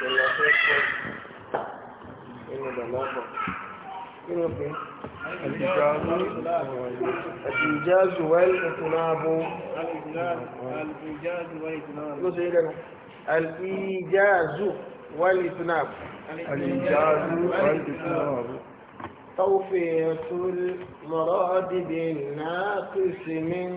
lọ́wọ́ fẹ́ kọ́ nínú ìdàlọ́pọ̀ kí ló pín àtìjáàzù wáyé ìtùnáàbò ló ṣe ìdẹ̀nà àtìjáàzù wáyé ìtùnáàbò àtìjáàzù wáyé ìtùnáàbò توفية المراد بالناقص من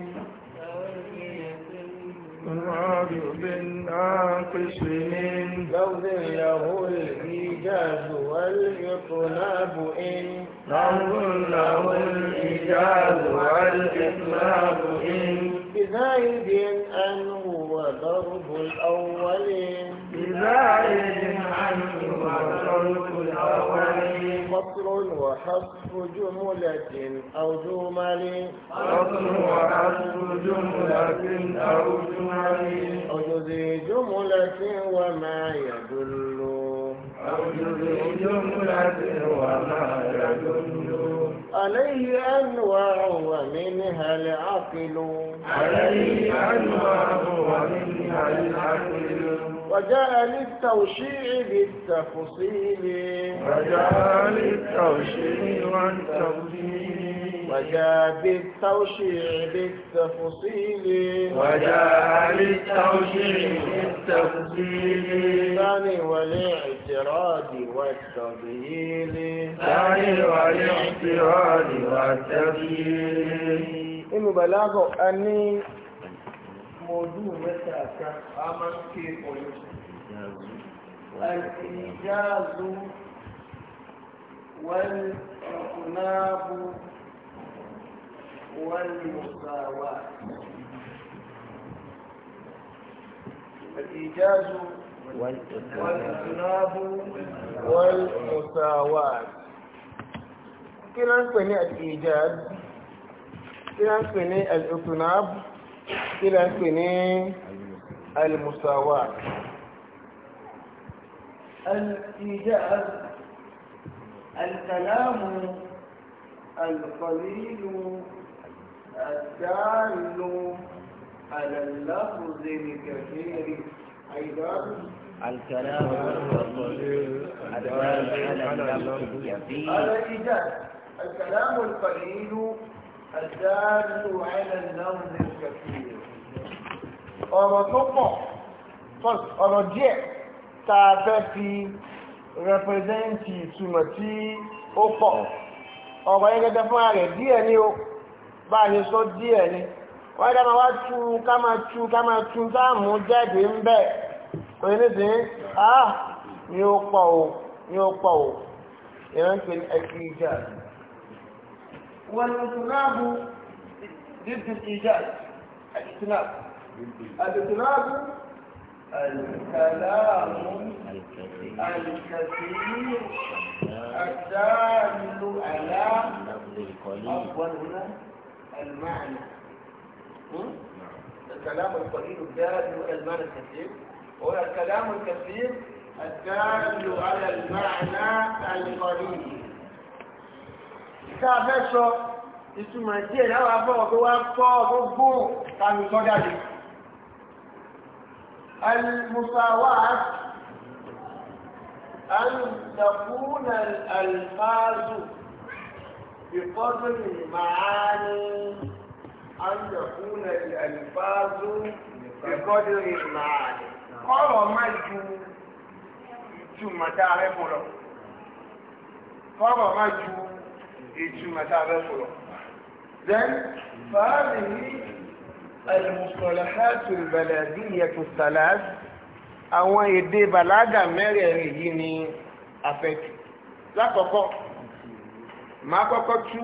الوارع بالناقص من لوذ نعم له الإيجاز والإطلاب إن لوذ له الإيجاز والإطلاب إن بزايد أن هو ضرب الأول بزايد وحصف جملة أو جمل حصف وحصف جملة أو جمل أو جزء جملة وما يدل أو جزء جملة وما يدل عليه أنواع ومنها العقل عليه أنواع ومنها العقل وجاء للتوشيع بالتفصيل وجاء للتوشيع والتفصيل وجاء بالتوشيع بالتفصيل وجاء للتوشيع بالتفصيل ثاني والاعتراض والتضييل ثاني والاعتراض والتضييل المبالغة أني ọdún mẹ́ta àká a máa ń ké ọyọ alìjáàzú والإطناب والمساواة كلا نقول الإيجاز كلا نقول الإطناب إلى سنين المساواة الإيجاز الكلام القليل الدال على اللفظ الكثير أيضا الكلام القليل الدال على اللفظ الكثير الإيجاز الكلام القليل الدال على اللفظ الكثير ọ̀rọ̀ tó pọ̀ ọ̀rọ̀ díẹ̀ ta a fẹ́ fi rẹpẹsẹ́ǹtì ìtumọ̀ tí ó pọ̀ ọ̀rọ̀ yẹn fúnra díẹ̀ ni ó bá a lè sọ ni wọ́n dá máa wá tú ká máa tú ká máa tú sáàmù jáde ń bẹ̀ kò ní sí á ni ó pọ̀ o ni ó pọ̀ o ìran ní ìjà الاضطراب الكلام الكثير الدال على أفضل هنا المعنى الكلام القليل الدال على المعنى الكثير هو الكلام الكثير الدال على المعنى القليل كافة شو هو هو هو هو هو هو هو هو هو ه المساواة أن تكون الألفاظ بقدر المعاني أن تكون الألفاظ بقدر المعاني kọ́rọ̀ má ju ìtumọ̀ tá a fẹ́ fún lọ kọ́rọ̀ má ju ìtumọ̀ tá a fẹ́ fún lọ. then fàámi ní المصطلحات البلاغية الثلاث àwọn èdè bàlágà mẹ́rẹ̀ẹ̀rin yìí ni àfẹ́tù lákọ̀ọ́kọ́ máa kọ́kọ́ tú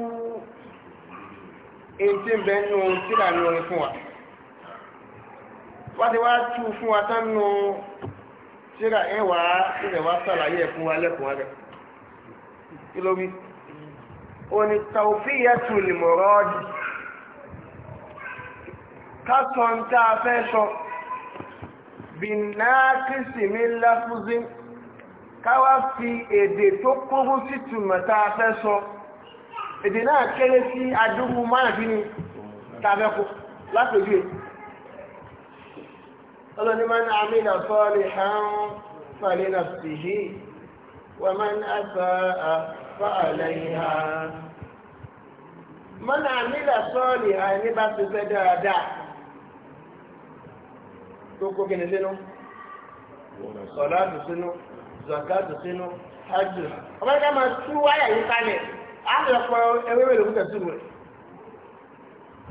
èyí tí ń bẹ nínú ohun tí lànà orin fún wa wọ́n ti wá tú fún wa tán nù síra ẹ̀wà ilẹ̀ wa sàlàyé ẹ̀ fún wa lẹ́kùn rẹ̀ kí ló wí? òní tàwùfíyà tù lè mọ̀rọ́ ọdún kásọ̀ ń tá a fẹ́ sọ bí náà kìsì mi láfúzí káwá fi èdè tó kúrú sí tùmọ̀ tá a fẹ́ sọ èdè náà kéré sí adúgbò márùn-ún ní tàbẹ́kù látòjú mọ́nà àmì ìdàfọ́ọ̀lì hàn ti fẹ́ dáadáa tó kó kíni sínú sọ̀láàtù sínú zakatu sínú hajj ọmọ ẹ̀ka máa tú wáyà yìí kalẹ̀ àti ọ̀pọ̀ ẹwé mélòó kúta sínú rẹ̀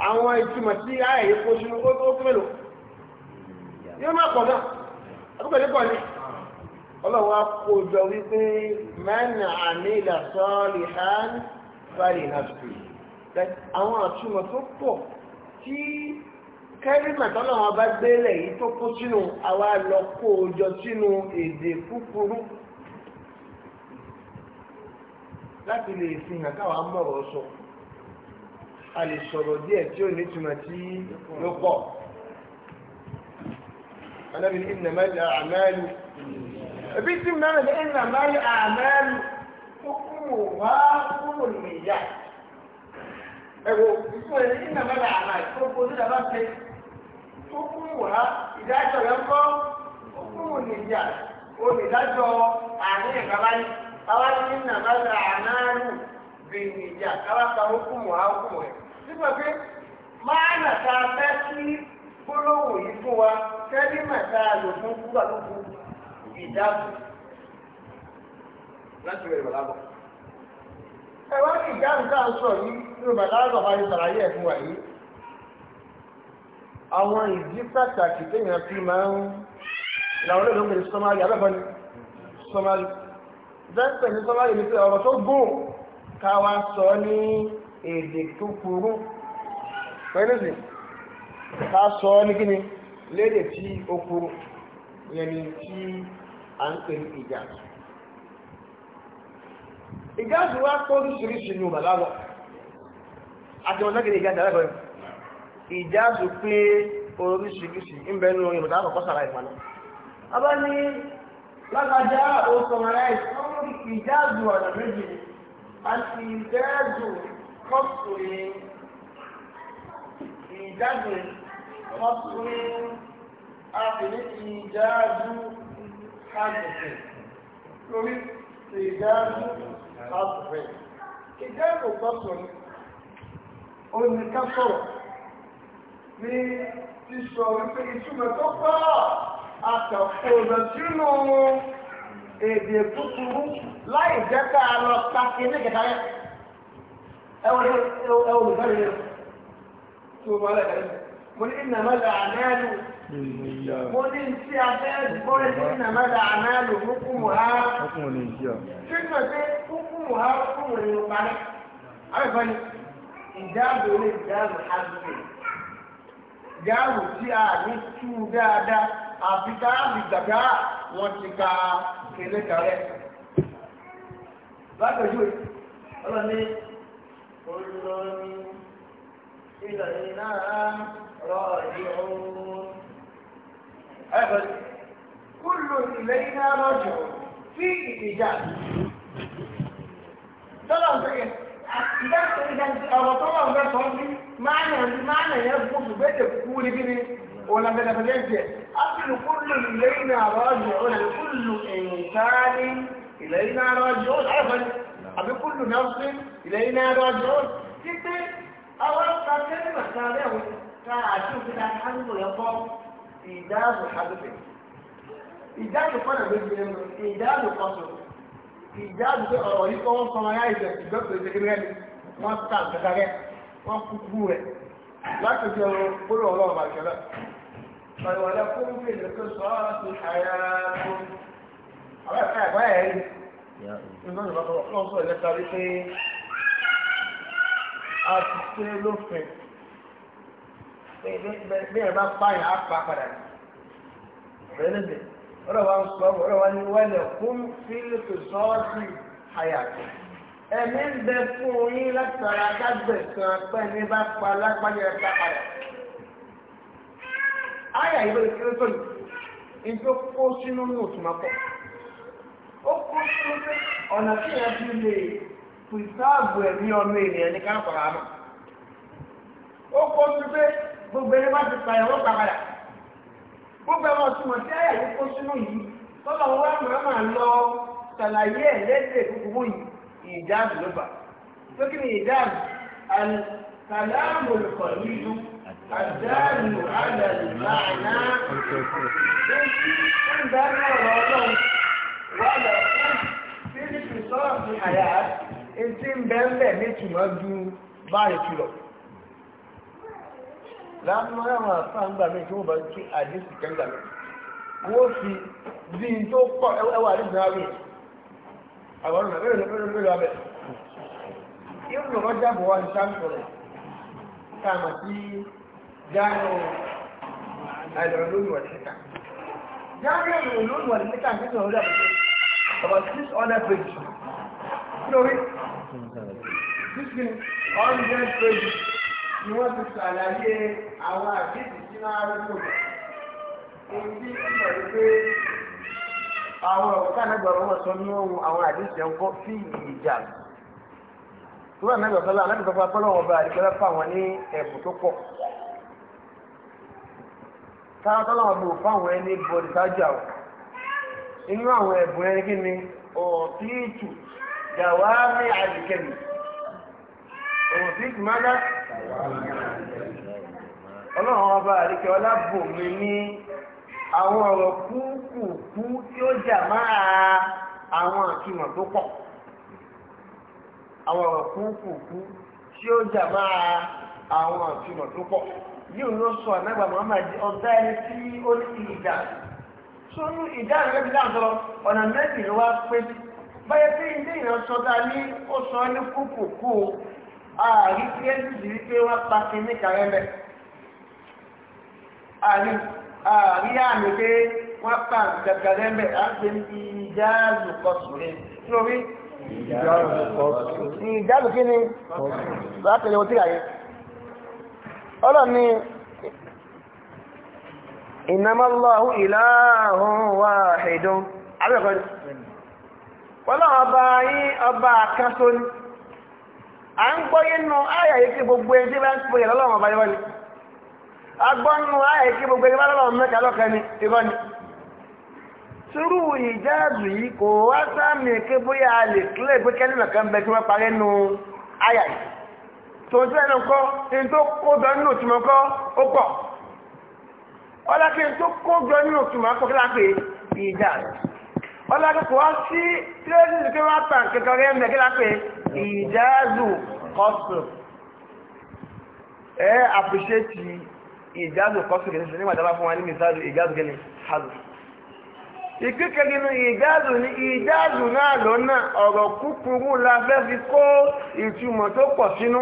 àwọn ìtumọ̀ sí ayà yìí kó sínú ó tó mélòó yóò má pọ̀ náà àbúkọ̀ ní pọ̀ ní ọlọ́wọ́ akójọ wípé mẹ́nà àmì ìdásọ́ọ̀lì hàn fàlì nàfẹ́ àwọn àtumọ̀ tó pọ̀ tí kẹ́rìmà tọ́lọ́wọ́n bá gbélé yìí tó kó sínú àwa lọ kó o jọ sínú èdè kúkúrú láti lè fi hàn káwa mọ̀rọ̀ sọ a lè sọ̀rọ̀ díẹ̀ tí ò ní túmọ̀ tí ló pọ̀ alábìíní ìnàmẹ́lẹ̀ àmẹ́lú ẹbí tí mẹ́rin ìnàmẹ́lẹ̀ àmẹ́lú tó kúrò wá kúrò nìyà ẹ̀wọ̀ ìfún ẹ̀yìn ìnàmẹ́lẹ̀ àmẹ́lú tó kúrò nígbà bá ṣe. fúnfúnwò ha ìdájọ́ rẹ̀ ń kọ́ fúnfúnwò nìyà olùdájọ́ àárín ìkàbáyé káwájú ní nàbàlà ànáàlú bì nìyà káwáta fúnfúnwò ha fúnfúnwò rẹ̀. pé máa nà ta fẹ́ sí gbólóhùn yìí fún wa kẹ́lí mẹ́ta lò fún kúgbà tó àwọn ìdí pàtàkì téèyàn fi máa ń làwọn olóòdó ń pè ní sọmárì abẹ́fọ́ ni sọmárì dẹ́pẹ̀ ní sọmárì ni pé ọ̀rọ̀ tó gùn ká wá sọ ní èdè tó kúrú pẹ̀lú sí ká sọ ní kíni lédè tí ó kúrú yẹn ni tí à ń pè ní ìjà ìgáàsì wá pọ́ oríṣiríṣi ní ọ̀bàlá lọ àti ìjáàsù pé oríṣiríṣi ń bẹ nínú orin ìbùdó àkọ́kọ́ sàrà ìpàdé. abá ní lágbájá ó sọmọláì ìjáàsù ọ̀nà méjì àti ìjáàsù kọ́sùnrin ìjáàsù kọ́sùnrin àti ní ìjáàsù kàgbẹ̀fẹ̀ lórí ìjáàsù kàgbẹ̀fẹ̀. ìjáàsù kọ́sùnrin ó ní ká sọ̀rọ̀ ní sísọ wípé ìtumọ̀ tó pọ̀ àtàkùn ọ̀dọ̀ sínú èdè kúkúrú láì jẹ́ ká lọ pàṣẹ ní kẹta rẹ̀ ẹwọ́n olùfẹ́ mi tó wọ́n lẹ̀ kẹ́lẹ́ mo ní ìnàmọ́lẹ̀ àmẹ́lù mo ní tí a fẹ́ gbọ́ ẹ ní ìnàmọ́lẹ̀ àmẹ́lù kúkúrú ha sínú pé kúkúrú ha kúkúrú ni mo parí. àwọn ìfọ́ni ìdáàbò ní ìdáàbò ha gbé gáàrù tí a ní tú dáadáa àfi káàmì gbàgbá wọn ti ka kéré kárẹ. lágbèjúwe ọlọ́ni olórí ilẹ̀ iná rọ ìhòòhò. ẹ̀bẹ̀rẹ̀ kúlù ilẹ̀ iná rọ̀jò sí ìjà. tọ́lá ń sẹ́yìn ìgbà tó ń gbàgbé ọ̀rọ̀ tó wà ńgbà tó ń bí máa nà máa nà yẹn fún ṣùgbọ́n èdè kú ní bí ni òun la bẹ̀rẹ̀ bẹ̀rẹ̀ jẹ ápìlù kúlù ìlẹ́yìn náà rọ́ọ̀jù òun àti kúlù ìǹtaani ìlẹ́yìn náà rọ́ọ̀jù òun àìfọ́n àbí kúlù náà fún ìlẹ́yìn náà rọ́ọ̀jù òun títí àwọn kàkẹ́rì màkàrẹ́ òun ká àti òkúta hánú yẹn fọ́ ìjà àdúgbò ọ̀rọ̀ yìí kọ́ wọ́n sọmọ ayé ìjọ ìjọ tó ṣe kékeré ni wọ́n ta nǹkan rẹ̀ wọ́n kúkú rẹ̀ láti fi ọ̀rọ̀ gbóló ọlọ́run bàjẹ́ náà. Bàlùwàlẹ̀ fún mi lè tó sọ ọ́ ti bá pààyàn á Bẹ́ẹ̀ ni ọ̀rọ̀ wa ń sọ ọ̀rọ̀ wa ní wẹ́lẹ̀ fún fílípù sọ́ọ̀sì àyàtọ̀ ẹ̀mí ń bẹ fún yín látara dágbẹ̀ kan pẹ́ ní bá pa lágbájá ẹ̀ka padà. àyà ìwé ìkéré tó yìí ìjọ kó sínú ní òtúnmá pọ̀ ó kó sínú pé ọ̀nà tí yẹn fi lè pìsáàbù ẹ̀mí ọmọ ènìyàn ní ká pàrọ̀ àmọ́ ó kó sínú pé gbogbo ẹni bá ti pa ẹ̀wọ́ pa gbogbo àwọn ọ̀túnmọ̀ sí àyà yìí kó sínú yìí tọ́lọ̀ wọn máa máa lọ ṣàlàyé ẹ̀ lẹ́sẹ̀ kúkúrú yìí ìjáàbù ló bà tó ni ìjáàbù àlàmù kọ̀ọ̀lù àdáàlù àdàlù láàánà tó sí ń dáná ọ̀rọ̀ ọlọ́run wà lọ fún fílípì sọ́ọ̀tì àyà ètí ń bẹ́ẹ̀ bẹ́ẹ̀ ní ìtumọ̀ ju báyìí kìlọ̀ láàrín àwọn àfáàn gbà mí tí wọ́n bá ń tún àdéhùn kẹ́ńgà mi wọ́n fi bí n tó pọ̀ ẹwà àdéhùn náà rí àwọn ọ̀nà mẹ́rin mẹ́rin mẹ́rin abẹ́ yóò lọ́rọ́ jábọ̀ wá ní sáńtò rẹ̀ káàmà sí jáàrù àìlọ́lọ́lù wà níta jáàrù àìlọ́lọ́lù wà níta ní ìlú ọ̀rẹ́ àbúrò about six hundred pages lórí ni wọ́n ti ṣàlàyé àwọn àwọn ọ̀ká wọn sọ ní ohun àwọn àdéhùn ẹ̀ sí ìjà tura nàgbà sọlá nàgbà sọfà pẹ́lú ọba àdìgbẹ́lẹ́ fún àwọn ní ẹ̀bùn tó pọ̀ táwọn tọ́lá wọn bò fáwọn ẹni bọ̀dì sáájú inú àwọn ẹ̀bùn ẹni òfíìsì mádà ọlọ́run ọba àríkẹ́ ọlábòmí ní àwọn ọ̀rọ̀ kúkùkú tí ó jà máa àwọn tó pọ̀ àwọn ọ̀rọ̀ kúkùkú tí ó jà máa àwọn àkìmọ̀ tó pọ̀ yóò ló sọ Muhammad ọ̀gá ẹni tí ó ní ìdá ìdá rẹ̀ bí ọ̀nà wá pé báyẹ̀ pé ààrí kíréńtì wípé wọ́n pa kíní kàrẹ́ mẹ́ ààrí àmì pé wọ́n pa kàkàrẹ́ mẹ́ à ń pè ní ìjáàlù kọsùrẹ́ kí ló rí ìjáàlù kí ni látẹ̀lé ohun tí kàyé ọlọ́ni ìnámọ́lọ́hu ìlàhùn wàhídùn abẹ́kọ̀ọ́ wọ́n lọ́wọ́ ọba yín ọba kan sóni à ń gbọ́ yínú àyà yìí kí gbogbo ẹni tí bá ń pè é lọ́lọ́run ọba yìí wọ́n ni agbọ́ nínú àyà yìí kí gbogbo ẹni bá lọ́lọ́run mẹ́ta lọ́kàn ni irọ́ ni. sùúrù ìjáàbù yìí kò wá sáàmì kí bóyá a lè kílẹ̀ pé kẹ́lí nìkan bẹ tí wọ́n parí nù àyà yìí. tòun tí ẹnu kọ́ ní tó kó bẹ nínú tìmọ̀ kọ́ ó pọ̀ ọlọ́kẹ́ tó kó bẹ nínú tìmọ̀ kọ́ kí ọlọ́kẹ́ kò wá ìjáàzù kọ́sùn ẹ àpìṣẹ́tì ìjáàzù kọ́sùn kìí ṣe nígbàtàbá fún wa ní mìsáàdù ìjáàzù gẹ́lẹ̀ hazù ìkíkẹ́ nínú ìjáàzù ní ìjáàzù náà lọ́nà ọ̀rọ̀ kúkúrú la fẹ́ fi kó ìtumọ̀ tó pọ̀ sínú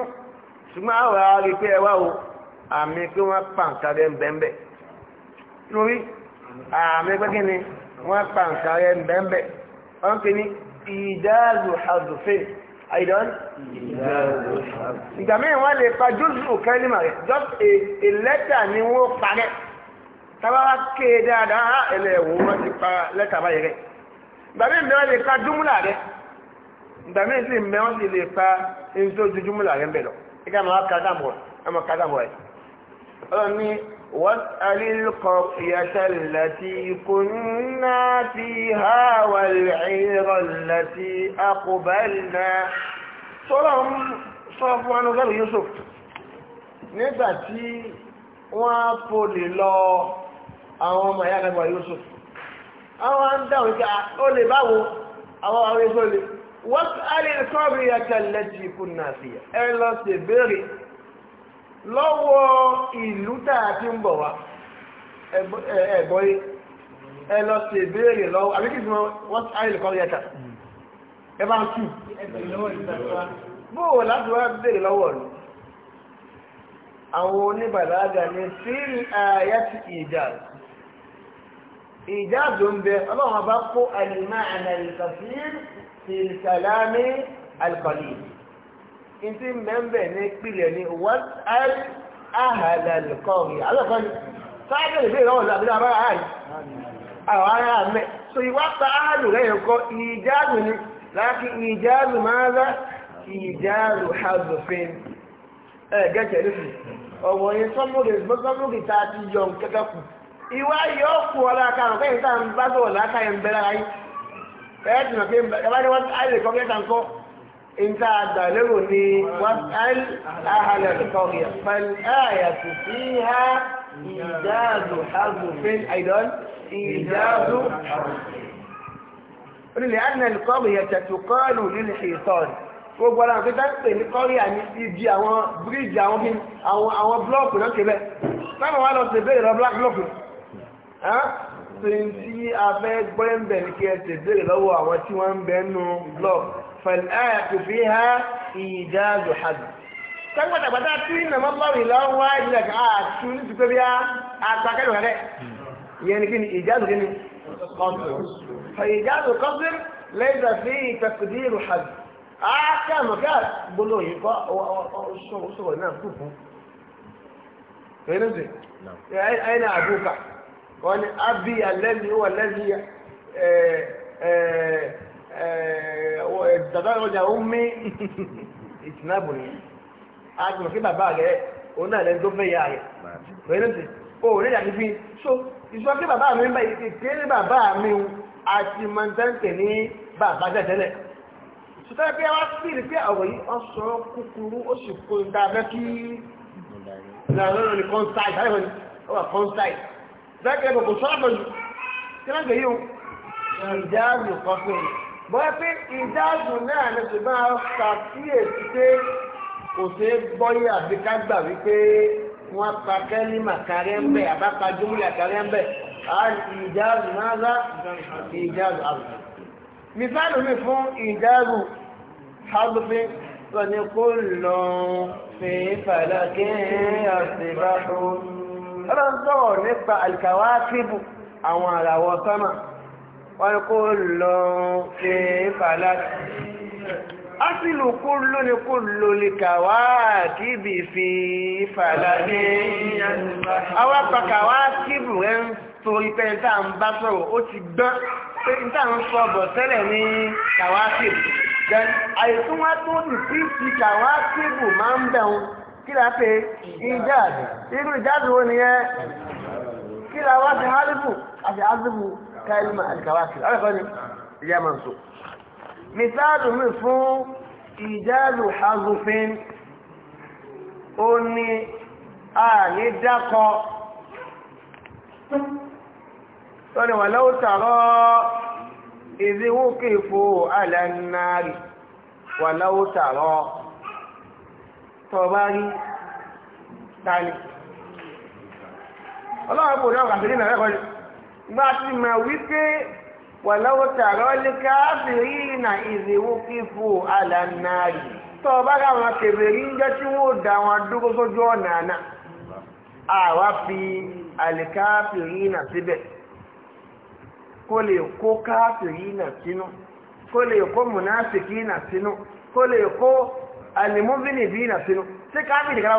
ṣùgbọ́n àwọn àárí pé ẹwà o àmì pé wọ́n pa nǹkan rẹ̀ ńbẹ́ńbẹ́ lórí àmì pé kí ni wọ́n pa nǹkan rẹ̀ ńbẹ́ńbẹ́ wọ́n kì ní ìjáàzù hazùfẹ́ àìdán ìgbà mẹ́rin wọ́n lè pa jùsù kẹ́lìmà rẹ̀ just a lẹ́tà ni wọ́n parẹ́ tábàwá ké e dáadáa ẹlẹ́wọ̀ wọ́n ti pa lẹ́tà báyìí rẹ̀ ìgbà mẹ́rin wọ́n lè pa jùmùlà rẹ̀ ìgbà mẹ́rin sì mẹ́ wọ́n sì lè pa ẹni tó ju jùmùlà rẹ̀ ń bẹ̀ lọ ẹgbẹ́ àwọn akadàmọ̀ ẹ̀ ọlọ́ni واسأل القرية التي كنا فيها والعير التي أقبلنا صلهم صرفوا عنه غير يوسف nígbà tí wọ́n pòlì lọ àwọn ọmọ ìyá àgbà Yusuf àwọn ń dáhùn ìjà ó lè báwo àwọn àwọn èso lè wọ́n á lè kọ́ bí ẹ̀kẹ́ lẹ́tì ikú náà sí ẹ lọ sí ìbéèrè lọ́wọ́ ìlú tá a ti ń bọ̀ wá ẹ̀gbọ́n yìí ẹ lọ sí ìbéèrè lọ́wọ́ àbí kí wọ́n ti ayé lùkọ́ yẹta ẹ bá ń kí bóò láti wá béèrè lọ́wọ́ rẹ̀ àwọn oníbàlágà ní sílì àyàtì ìjáàz ìjáàz ń bẹ ọlọ́run bá kó àlìmáà àlìkàfíì sílì sàlámì alqalil ntí mẹ́mbẹ̀ ní pílẹ̀ ní wọ́n ahàlà nìkan rí alọ́kọ́ ni sáájú ìfẹ́ ìrọ̀wọ̀ ní abúlé abára àárí àwọn ará mẹ́ so ìwà pa áàlù rẹ̀ ẹ̀kọ́ ìjáàlù ni láti ìjáàlù máa rá ìjáàlù hazofin ẹ̀gẹ́jẹ̀ lóṣù ọ̀wọ̀ yẹn sọ́múrì sọ́múrì tá a ti yọ kẹ́kẹ́ kù ìwà yọ kù ọ̀la karùn-ún kẹ́yìn tá ń bá sọ̀rọ̀ láká yẹn bẹ́ẹ̀ lára yìí ẹ̀ẹ́dùn ìta àgbàlérò ni wàtàl ahàlẹ̀kọ̀rìà fàlàyà tó fi ha ìdáàdù àgùnfin àìdán ìdáàdù onílẹ̀ ànàlẹ̀kọ̀rìà tẹ̀tùkọ́ọ̀lù nílẹ̀ ìtọ́ọ̀lù gbogbo ara àti dáńpẹ̀ ní kọ́ríà ní ibi àwọn bíríìjì àwọn bí àwọn àwọn blọ́ọ̀kù náà kébẹ̀ sábà wà lọ sí ìbéèrè lọ black blọ́ọ̀kù tí tí a fẹ́ gbọ́yẹ̀ ń bẹ̀ ní kí ẹ sì lọ́wọ́ àwọn tí wọ́n ń bẹ̀ nù blọ́ọ̀kù فالآية فيها إيجاز حد kan wata ba ta tun na mabawi lawan waji daga a tun su biya a takar wa rai yani kin ijazu gini qasr fa ijazu qasr laysa fi taqdir hadd a ka maka bolo yi ko so so na ku ku kai ne ai ai na abuka wani abi alladhi huwa alladhi eh eh dàdá ọjà ó mí ìtìnàbù ni a ti mọ̀ ah, sí bàbá rẹ̀ òun náà lẹ́nu tó fẹ́ ya rẹ̀ pẹ̀lú ti o ò níjà nífi so ìṣọ́ kí bàbá mi bá ìké ní bàbá mi àti mọ̀ntẹ́ǹtẹ̀ ní bàbá tẹ̀tẹ̀lẹ̀ sọtẹ́ pé wá sí ìdí pé ọ̀rọ̀ yìí ọ̀sán kúkúrú ó sì kó da abẹ́ kí ìlànà ní kọ́ńtáì sáré wọn ó wà kọ́ńtáì bẹ́ẹ̀ kẹ́ bọ̀ kò sọ́ọ́ bọ́yá pé ìdáàbò náà ló ti máa ṣàkíyèsí pé kò ṣeé bọ́yá àbí ká gbà wípé wọ́n pa kẹ́límà kárẹ́ ń bẹ̀ àbápa júmùlà kárẹ́ ń bẹ̀ ìdáàbò náà rá ìdáàbò àbùkù. mísàlù mi fún ìdáàbò hàlùfín sọ̀ni kó lọ fi fàlà kí àṣìbáṣọ. ọlọ́dọ̀ nípa àlìkàwá kíbù àwọn àràwọ̀ sọ́nà wọ́n kó lọ ṣe fàlá. Asìlù kó ló ní kó lò lè kàwá kíbi fi fàlá ní àwọn pàkàwá kíbù rẹ̀ ń torí pé níta ń bá sọ̀rọ̀ ó ti gbọ́n pé níta ń sọ bọ̀ tẹ́lẹ̀ ní kàwá kíbù. Àìsùn wá tó dùn sí kàwá kíbù máa ń bẹ̀rùn kíra pé ìjáàdì irú ìjáàdì wo nìyẹn kíra wá sí hálífù àti hálífù كلمة الكواكب على قولي يا منصوب مثال من فوق إيجاد حذف أني آني دقة قال ولو ترى إذ وقفوا على النار ولو ترى طبري ثاني الله أبو نعم عبدالله gba ti mọ̀ wípé wọ̀lọ́wọ́ tààrọ́ lè káàbìrì ìnà ìrìwò kífò àlànàárì tó bá ráwọn kèbèrè ń jẹ́ tí wọ́n dá wọn dúró sójú ọ̀nà àná àwa fi àlèkáàbìrì ìnà síbẹ̀ kó lè kó káàbìrì ìnà sínú kó lè kó mùnáfìkì ìnà sínú kó lè kó àlèmúbìnì bí ìnà sínú sí káàbìrì kan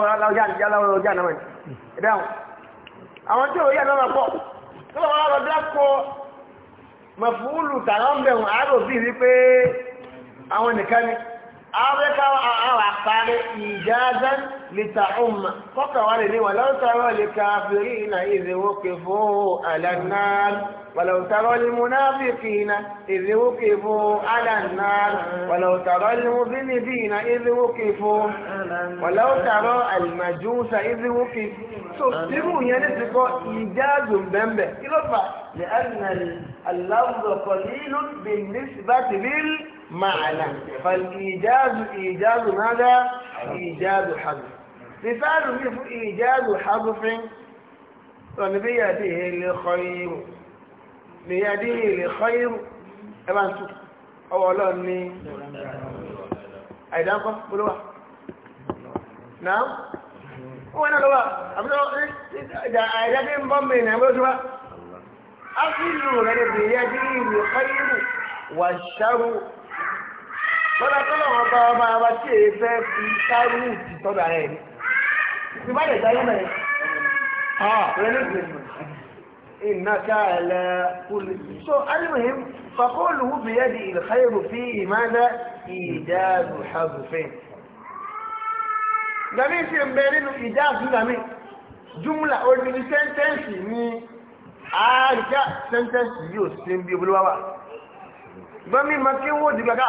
láwọn ọjà náà ẹ̀dáhùn àwọn tí ò yẹ tó bá wà lọ dákọ̀ mọ̀fúlù tàwọn bẹ̀rùn àárò bíi wípé àwọn nìkan ni àwẹ́ká àwọn àparí ìjáàzán lítà ọmọ kọ́kànwálé ní wàlọ́tàrọ́ lè ka fèrè iná ìrèwókè fún àlànáà wàlọ́tàrọ́ lè múnáfíkì iná ìrèwókè fún àlànáà wàlọ́tàrọ́ lè múbínibí iná ìrèwókè fún wàlọ́tàrọ́ àlìmàjúùsà ìrèwókè so irú yẹn ní ti kọ́ ìjáàzù bẹ́ẹ̀ kí ló fà lẹ́yìn aláwùjọ معنى فالإيجاز إيجاز ماذا؟ إيجاز حذف مثال مثل إيجاز حذف بيده لخير بيده لخير إبان سوء أولا مني أيضا قف نعم وانا لو ابلو اذا اذا بين بمين نعم. ابلو شو اخذوا لنا بيدي الخير والشر tọ́lá tọ́lá wọn bá ọba wa tí èyí fẹ́ fi sáré ti tọ́lá rẹ̀ ni ti bá lè sáyé mẹ́rin. إنك على كل شيء so المهم فقوله بيده الخير فيه ماذا إيجاد حرفين gbàmí ṣe ń bẹ nínú ìdá àtúndàmí júmùlà olùdí sẹ́ńtẹ́ǹsì ní àríkà sẹ́ńtẹ́ǹsì yóò ṣe ń bí olúwa wa gbàmí ma kí wọ́n dìgbàká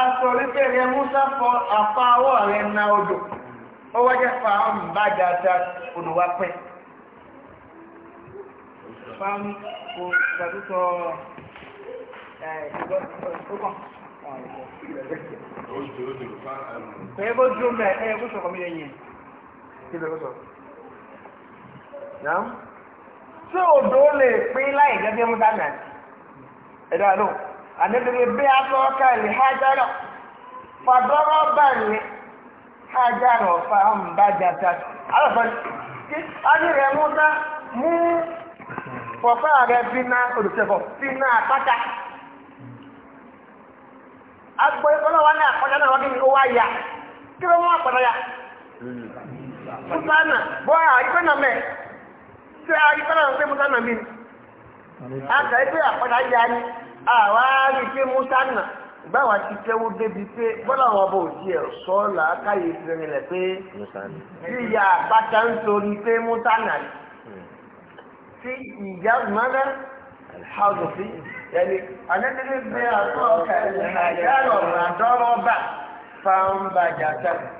aṣọ wípé rẹ músá fọ àpá ọwọ́ rẹ na odò ó wájẹ́ fàáhùn bá dáadáa odò wá pẹ́ fáwọn kò ṣàtúntọ̀ ẹ̀ẹ́dẹ́gbọ́n tó kàn. Ẹ bó dúró mẹ́ ẹ kó sọ̀kọ̀ mi lẹ́yìn. Kí ló sọ? Nàá. Ṣé odò lè pín láì gẹ́gẹ́ mú dáná? Ẹ dáa lóhùn. àníbìrì bí atọ́ka lè hájárọ̀ bá lè hájárọ̀ fa ọ̀nbájà tàbí. alọ́fẹ́ tí adìrẹ̀ mú ná rẹ̀ bí ná olùsẹ̀fọ̀ bí ná àpáta. ní àpáta náà ó wá kí ló mú àpáta bọ́ àyíkọ́ náà mẹ́ àwa rí i pé musa nà báwa ti tẹ́wọ́ débi pé bọ́lá wọn bò sí ẹ̀ sọ làákàyè ìrìnlẹ̀ pé ìyá àbáta ń torí pé musa nà rí tí ìyá mọ́nà hàzù sí yẹni àdédédé bí àtọ́ kẹlẹ́ àjálọ̀ àdọ́rọ́bà fáńbàjà tẹ́lẹ̀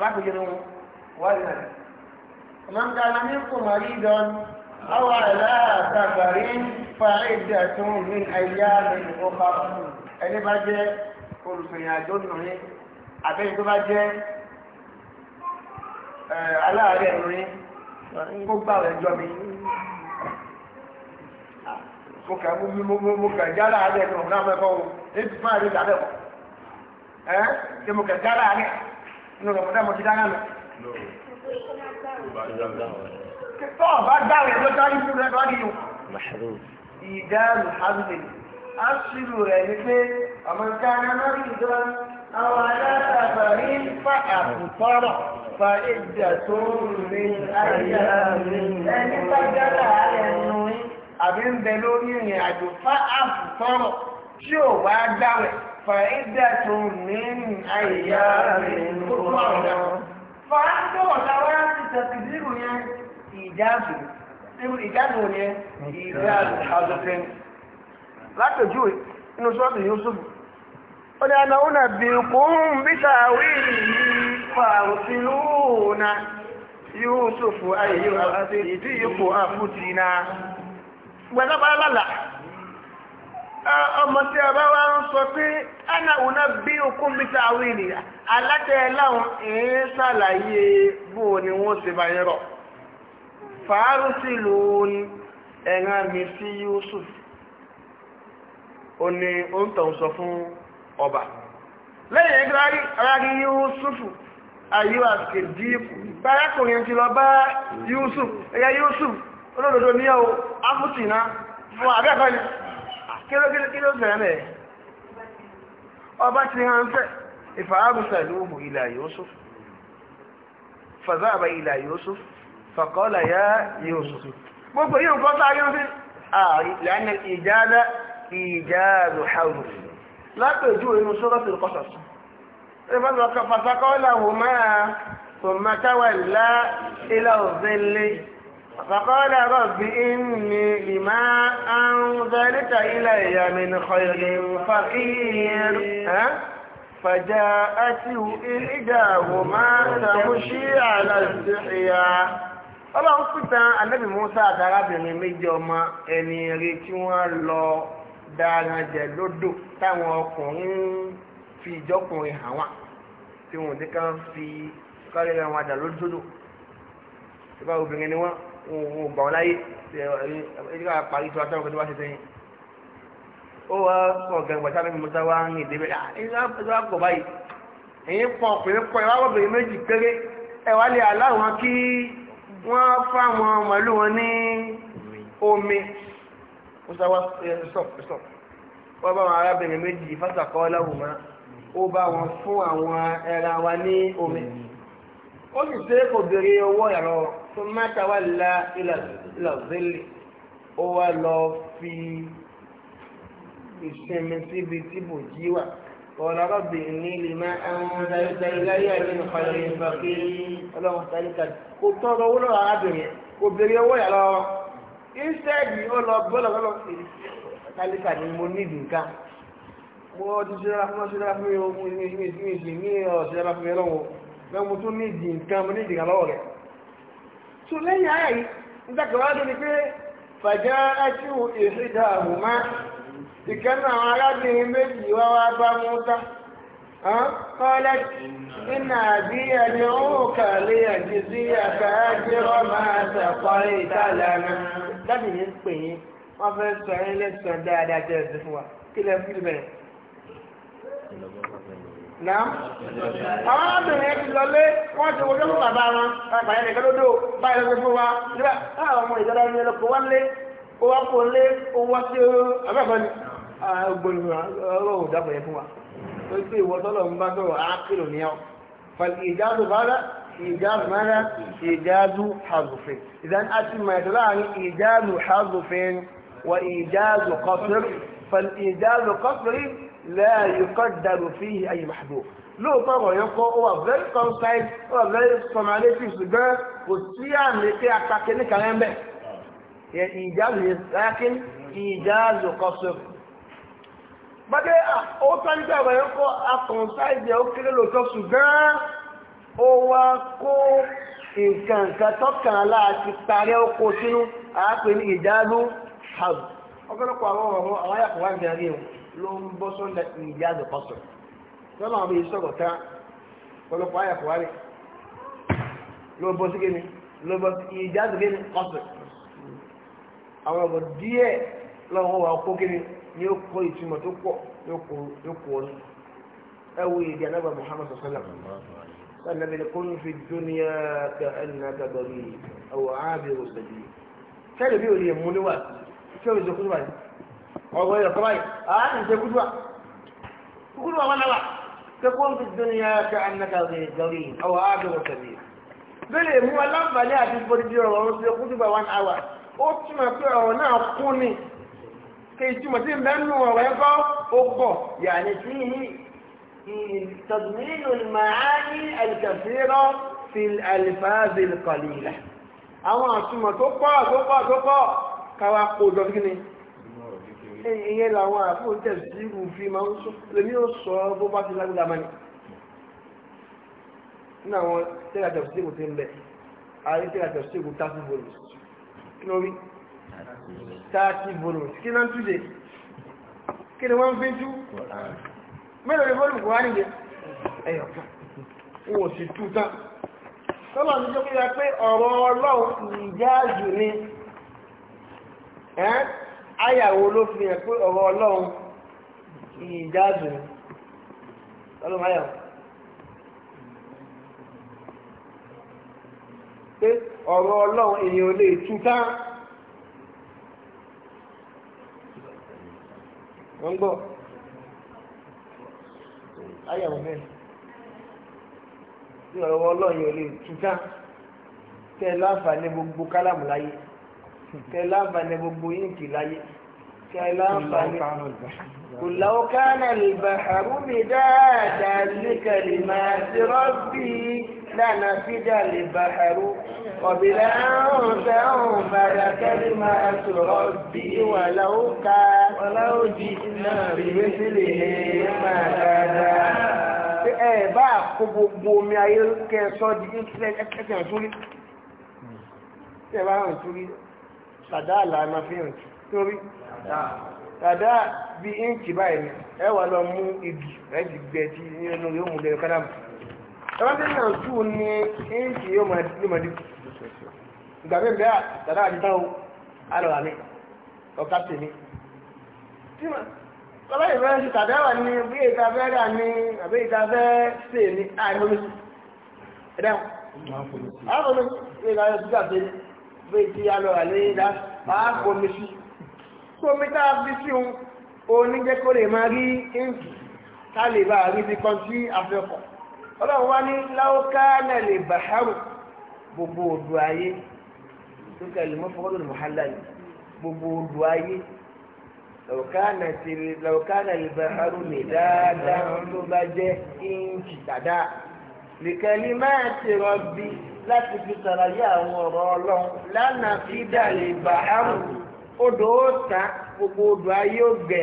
lápèjì ni wọ́n yẹn. من كان منكم مريضا أو على سفر fàáìdà tó ń ní ayé àmì ìwọ́pá ẹni bá jẹ́ olùsòyìn àjò nìyí àbẹ́yìn tó bá jẹ́ aláàárẹ̀ nìyí ń gbógbà rẹ̀ jọ mi mo kà mo mo mo kà jára alẹ́ ní ọ̀gá mẹ́fọ́ o ebi fún àrí ìdálẹ́ o ẹ́ ṣe mo kà jára alẹ́ nínú ọ̀gá mo ti dáná mi. tọ́ ọ̀bá dáwọ̀ lọ́jọ́ ìfúnra lọ́dí o ìdáàlù hamlin aṣílù rẹ̀ ní pé àmọ̀tánà lórí ìdán àwọn alátàbàrí ń fa àkùtọ́rọ̀ fa ìjà tó ń rin àyà ẹni pàjára rẹ̀ nù àbí ń bẹ lórí ìrìn àjò fa àkùtọ́rọ̀ tí ò wá gbáwẹ̀ fa ìjà tó ń rin àyà rẹ̀ nù ọ̀dà. irú ìdánù yẹn ìdánù àdófin látòjúwe inú sọ́ọ̀tù Yusuf ó ní àná òun àbí kún bíta wíìlì fàrùsílùúnà Yusuf ayé àti ìdíyìkù àfútìnà ọmọ tí ọba wa ń sọ pé ana òun náà bí okun bíta wíìlì alátẹ̀ẹ́láwọn èé sàlàyé bóò ni wọ́n ṣe bá yẹrọ̀ fàárùsìlùún ẹ̀ràn mi sí Yusuf ó ní ó ń tàn sọ fún ọba lẹ́yìn ìgbàrí arárí Yusuf ayú àkèdíkù bárakùnrin ti lọ bá Yusuf ẹ̀yà Yusuf olódodo ní ọ̀ afútìná fún àbẹ́ẹ̀kọ́ ni kílókíló ọba ti ránṣẹ́ ìfàábùsà lóhùn ilà Yusuf fàzáàbà ilà Yusuf فقال يا يوسف gbogbo يوسف kọ́ يوسف آه لأن الإجابة lẹ́nà حول لا haúrù إن سورة القصص فقال لهما ثُمَّ تَوَلَّى إِلَى الظِّلِّ فَقَالَ رَبِّ إِنِّي لِمَا أَنزَلْتَ إِلَيَّ مِنْ خَيْرٍ فَقِيرٌ فَجَاءَتْهُ هما تَمْشِي عَلَى اسْتِحْيَاءٍ ọlọ́run pìtàn anábì musa àtàrábìnrin méjì ọmọ ẹni rí tí wọ́n lọ dáran jẹ lódò táwọn ọkùnrin fi ìjọkùnrin hàn wá tí wọn ò dé kán fi kọ́lé wọn dà lódò ìbá obìnrin ni wọn wọn ò gbà wọn láyé ẹ̀yìnká parí tó àtàwọn kan tó bá ṣe sẹ́yìn ó wá pọ̀ gẹ̀ǹgbà tí anábì musa wá ń èdè bẹ́ẹ̀ ẹ̀yìnká pọ̀ báyìí ẹ̀yìn pọ̀ ọkùnrin pọ̀ ẹ̀wá obìnrin méjì péré ẹ̀wá lè aláwọn kí wọ́n fáwọn màálù wọn ní omi ọ̀sáwá stop wọ́n bá wọn arábìnrin méjì fásakọ́ láwùmọ́ ó bá wọn fún àwọn ẹran wa ní omi ó sì ṣe kò béèrè owó ẹ̀rọ tó mẹ́ta wá la ìlàzílì ó wá lọ fi ìsinmi síbi tí bòjí wà. قال رب إني لما أنزلت إلي من خير فقير اللهم سألك قلت له عابر obìnrin owó yà lọ instead ó lọ bọ́lọ̀ bọ́lọ̀ kálífà ni mo ní nǹkan mo ti ṣe dára fún ṣe dára fún mi o mo ní ìsinmi ìsinmi ìsinmi ní ọ̀rọ̀ ṣe dára fún mi lọ́wọ́ bẹ́ẹ̀ mo tún ní ìdì nǹkan mo ní ìdì nǹkan lọ́wọ́ rẹ̀ so lẹ́yìn ayà yìí nígbà kan wá dé ni pé fàjá ẹtí ìṣèjà àwòmá ìkẹ́nà àwọn arábìnrin méjì wá wá bá Mùsá kọ́lẹ̀ nínú àbíyẹ ni ó kà lé àjíjí àkàájẹ́ ọmọ àtàkọ́rẹ́ ìtàlànà láti ní pè yín wọ́n fẹ́ sọ yín lẹ́sàn dáadáa jẹ́ ẹ̀sìn fún wa kí lẹ́ fi bẹ̀rẹ̀. Nàá àwọn arábìnrin ti lọlé wọ́n ti wọlé fún bàbá wọn bàbá yẹn nìkan lódò báyìí lọ́sẹ̀ fún wa nígbà táwọn ọmọ ìjọba ẹni ẹlọ́kọ̀ wá lé owó kò lé owó sí abẹ́fọ́ ni. فالإيجاد هذا إيجاد ماذا؟ إيجاد حظف إذن أتم ما يدل إيجاد حظف وإيجاد قصر فالإيجاد قصر لا يقدر فيه أي محذوف لو طبعا يقول هو غير قوسين هو غير صمالي في سجن والسيان التي أعتقد كلام به يعني إيجاد لكن إيجاد قصر gbadé ó sáré tí àwọn ẹ̀kọ́ akọ̀nsáìdì ó kéré lòótọ́ ṣùgbọ́n ó wá kó nǹkan nǹkan tọ́kàn láti parí oko sínú àápè ní ìdálú hab ọ̀pọ̀lọpọ̀ àwọn ọ̀rọ̀ àwọn ayàpọ̀ wá ń darí o ló ń bọ́ sọ́dọ̀ ìdálú pọ̀sọ̀ lọ́nà àwọn èyí sọ̀rọ̀ tán ọ̀pọ̀lọpọ̀ ayàpọ̀ wá rẹ̀ ló bọ́ sí kéne ló bọ́ sí ìdálú kéne pọ̀sọ̀ àwọn ọ̀rọ̀ díẹ̀ lọ́wọ́ wà ó kó kéne ni ó kó ìtumọ̀ tó pọ̀ yóò kó ní ẹwù ìdí anábà Muhammad sallam sanni bẹ kó ní fi dúnìyà kẹ ẹni náà ká dọ̀bí ẹwà ábí òsèlú kẹ́lẹ̀ bí olè mú níwà kí o lè ṣe kúrúbà yìí ọ̀rọ̀ ẹ̀rọ kọ́ báyìí àá ń ṣe kúrúbà kúrúbà wọn náà تكون في الدنيا كأنك غريب أو عابر سبيل bẹ́ẹ̀ mú aláǹfààní àti ìfọdíjì ọ̀rọ̀ ọ̀rọ̀ sí ọkùnrin bá one hour ó túmọ̀ pé ọ̀rọ̀ náà kún ni kí ìtumọ̀ sí mẹ́nu ọ̀rọ̀ ẹ̀kọ́ ó pọ̀. yàní sí tọ̀dùmínú màáyí àlùkàfíìrọ̀ fi àlùfáàzì kọ̀lìlà. àwọn àtumọ̀ tó pọ̀ tó pọ̀ tó pọ̀ káwa kó jọ kí ni. ìyẹn làwọn àfúrò tẹ̀sí fi máa ń sọ lèmi ò sọ bó bá ti lágbára mọ́ni nínú àwọn tẹ́lá tẹ̀sí kò ti àyè tẹ́lá tẹ̀sí kò tá sí bọ̀lù kí ló rí thirty volumes kí náà tún dé kí ni wọ́n fi tú mélòó ni volume kò wá nìyẹn ẹ̀yọ̀ kan wò sí tú tán tọ́lọ̀ ní jókòó ya pé ọ̀rọ̀ ọlọ́run ìjáàjù ni ayàwó ló fi hàn pé ọ̀rọ̀ ọlọ́run ìjáàjù ni ọlọ́run ayàwó pé ọ̀rọ̀ ọlọ́run èèyàn lè tú tán. wọ́n gbọ́ ayàwó mẹ́rin ní ọ̀rọ̀ ọlọ́run yóò lè túká tẹ ẹ láǹfààní gbogbo kálámù láyé tẹ ẹ láǹfààní gbogbo yíǹkì láyé tẹ ẹ láǹfààní kùlàwó kánà lè bàhàrú mi dáadáa ní kàlí màá ti rọ́bì. نفد البحر قبل أن تنفد كلمة ربي ولو كان ولو جئنا بمثله مددا ẹ bá kó gbogbo omi ayé kẹsọ́ di incident ẹ̀kẹ́kẹ́ ọ̀túrí tẹ́bá hàn túrí sàdá àlànà fi hàn túrí sàdá bí íǹkì báyìí ẹwà lọ mú igi ẹ̀jì gbẹ̀ tí inú yóò mú lẹ́yìn kánáà ẹ̀wọ́n tí náà tù ní éèkì yóò máa dín máa dín ìgbà mi bẹ́ẹ̀ dàdá àti táwọn àlọ́ àmì ọ̀ká tèmi. Bàbá ìfẹ́ ṣe tàbí àwọn ní bí ìta fẹ́ rà ní àbí ìta fẹ́ ṣe ní àìmọ́lú. Ẹ dáhùn. Àwọn ọmọ mi ìlànà ìdúgbà tẹ́lẹ̀ bí ti alọ́ àlẹ́ ìdá máa kọ́ mi sí. Kómi tá a fi sí òun, òun ní jẹ́ kó lè máa rí íǹkì ká lè bá rí bí kan sí afẹ́kọ̀ọ́ ọlọ́run wá ní láwùká náà lè bàṣárù gbogbo odò ayé tó kẹlẹ̀ mọ́ fọwọ́dọ̀ ní mọ̀hálà yìí gbogbo odò ayé láwùká náà lè bàṣárù lè dáadáa tó bá jẹ́ íǹkì dàda lìkẹ́lì máa ti rọ̀bì láti fi sàlàyé àwọn ọ̀rọ̀ ọlọ́run lánàá fi dà lè bàṣárù odò ó tán gbogbo odò ayé ó gbẹ.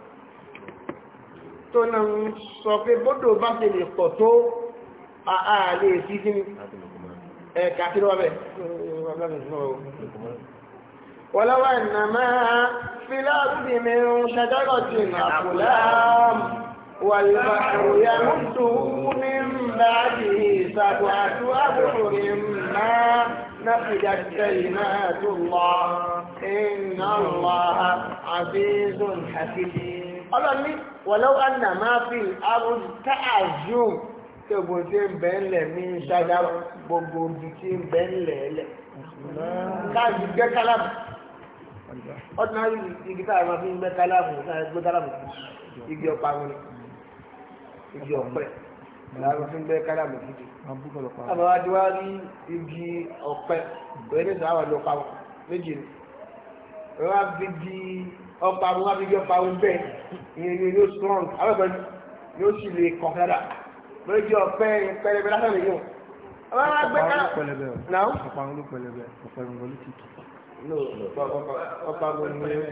tó náà ń sọ pé bódò bá ṣe lè pọ̀ tó ààlè sí sí ni ẹ̀ka kí lọ́wọ́ bẹ̀. bẹ́ẹ̀ wọ́n lọ́wọ́ fi fílọ́ọ̀bì mi ń ṣàjọ́rọ̀ sí àkùlám والبحر يمده من بعده سبعة أبحر ما نفدت كلمات الله إن الله عزيز حكيم ọlọ́ni wọ̀lọ́ àná máa fi àrùn káàzù tí gbogbo tí ń bẹ ńlẹ̀ ní ṣáda gbogbo ibi tí ń bẹ ńlẹ̀ ẹlẹ̀ káàzù gbẹ́ kálámù ordinary igi tá a máa fi ń gbẹ́ kálámù gbẹ́ kálámù igi ọ̀pá wọn ni igi ọ̀pẹ láàrín fún gbẹ́ kálámù gidi àmọ́ adúlá rí igi ọ̀pẹ òye ní sọ àwọn ọ̀pá méjì ni wọ́n á fi di ọ̀pọ̀ àwọn abigi ọ̀pọ̀ àwọn bẹ́ẹ̀ ìyẹn ni yóò strong àwọn yóò sì lè kàn dára lójú ọ̀pẹ pẹlẹbẹ lásán nìyẹn. ọ̀pọ̀ àwọn ló pẹlẹbẹ ọ̀pọ̀ àwọn ló pẹlẹbẹ ọ̀pọ̀ àwọn ló kìkì. ọ̀pọ̀ àwọn ló pẹlẹbẹ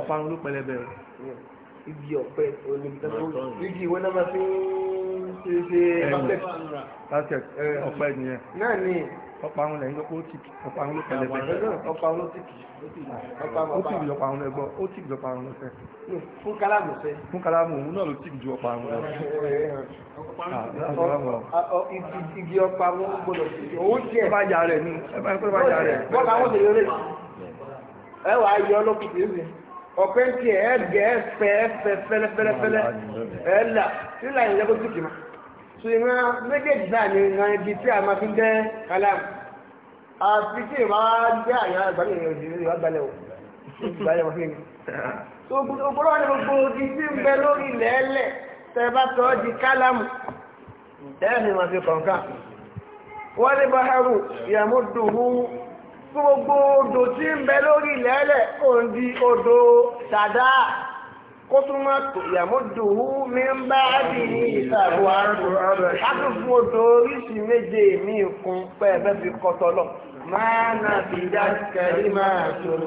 ọ̀pọ̀ àwọn ló pẹlẹbẹ. igi ọ̀pẹ igi ìwé náà máa fi ń ṣe ṣe basket ọ̀pẹ nìyẹn. náà ni ọ̀pọ̀ àwọn lẹ́yìn lọ́pọ̀ ótìkì ọ̀pọ̀ àwọn lọ́pọ̀ lẹ́gbẹ̀ẹ́ ọ̀pọ̀ àwọn lọ́tìkì ótìkì lọ́pọ̀ àwọn lẹ́gbọ́ ótìkì lọ́pọ̀ àwọn lọ́fẹ́. fún kálámù fẹ́. fún kálámù òun náà ló tìkì ju ọ̀pọ̀ àwọn lọ. Ah, igi ọ̀pọ̀ àwọn gbọdọ̀ sí owó díẹ̀. ẹ bá yà rẹ̀ ni ẹ bá yà rẹ̀. bọ́ọ̀lù àwọn òṣèré ẹ wàá yọ ọlọ́kùnrin ọ̀pẹ́ ń tiẹ̀ ẹ gẹ̀ẹ́ fẹ́ fẹ́ fẹ́lẹ́fẹ́lẹ́fẹ́lẹ́ ẹ là sílẹ̀ ìlẹ́gbẹ́sìkì náà so ìran méjèèjì náà ni ìran ibi tí a máa fi ń dẹ́ kalam àti tí ìwà jẹ́ àyàn àgbàlẹ̀ ìrìn òjì ìwà gbalẹ̀ o ìgbàlẹ̀ wọ́n fi ń so òpòlọ́wọ́ ni gbogbo igi tí ń bẹ lórí di kálámù tẹ́lẹ̀ ni wọ́n fi kọ̀ọ̀kan wọ́n ní báhárù ìyàmú dùnmú gbogbo odò tí ń bẹ kótómá yàmúdùhù mi ń bá àdì ní ìsàbò àrùn àtúntò oríṣi méje mi kún pẹ́ẹ́bẹ́ fi kọ́tọ́ lọ. máa nà bí dákẹ́rì máa tó lọ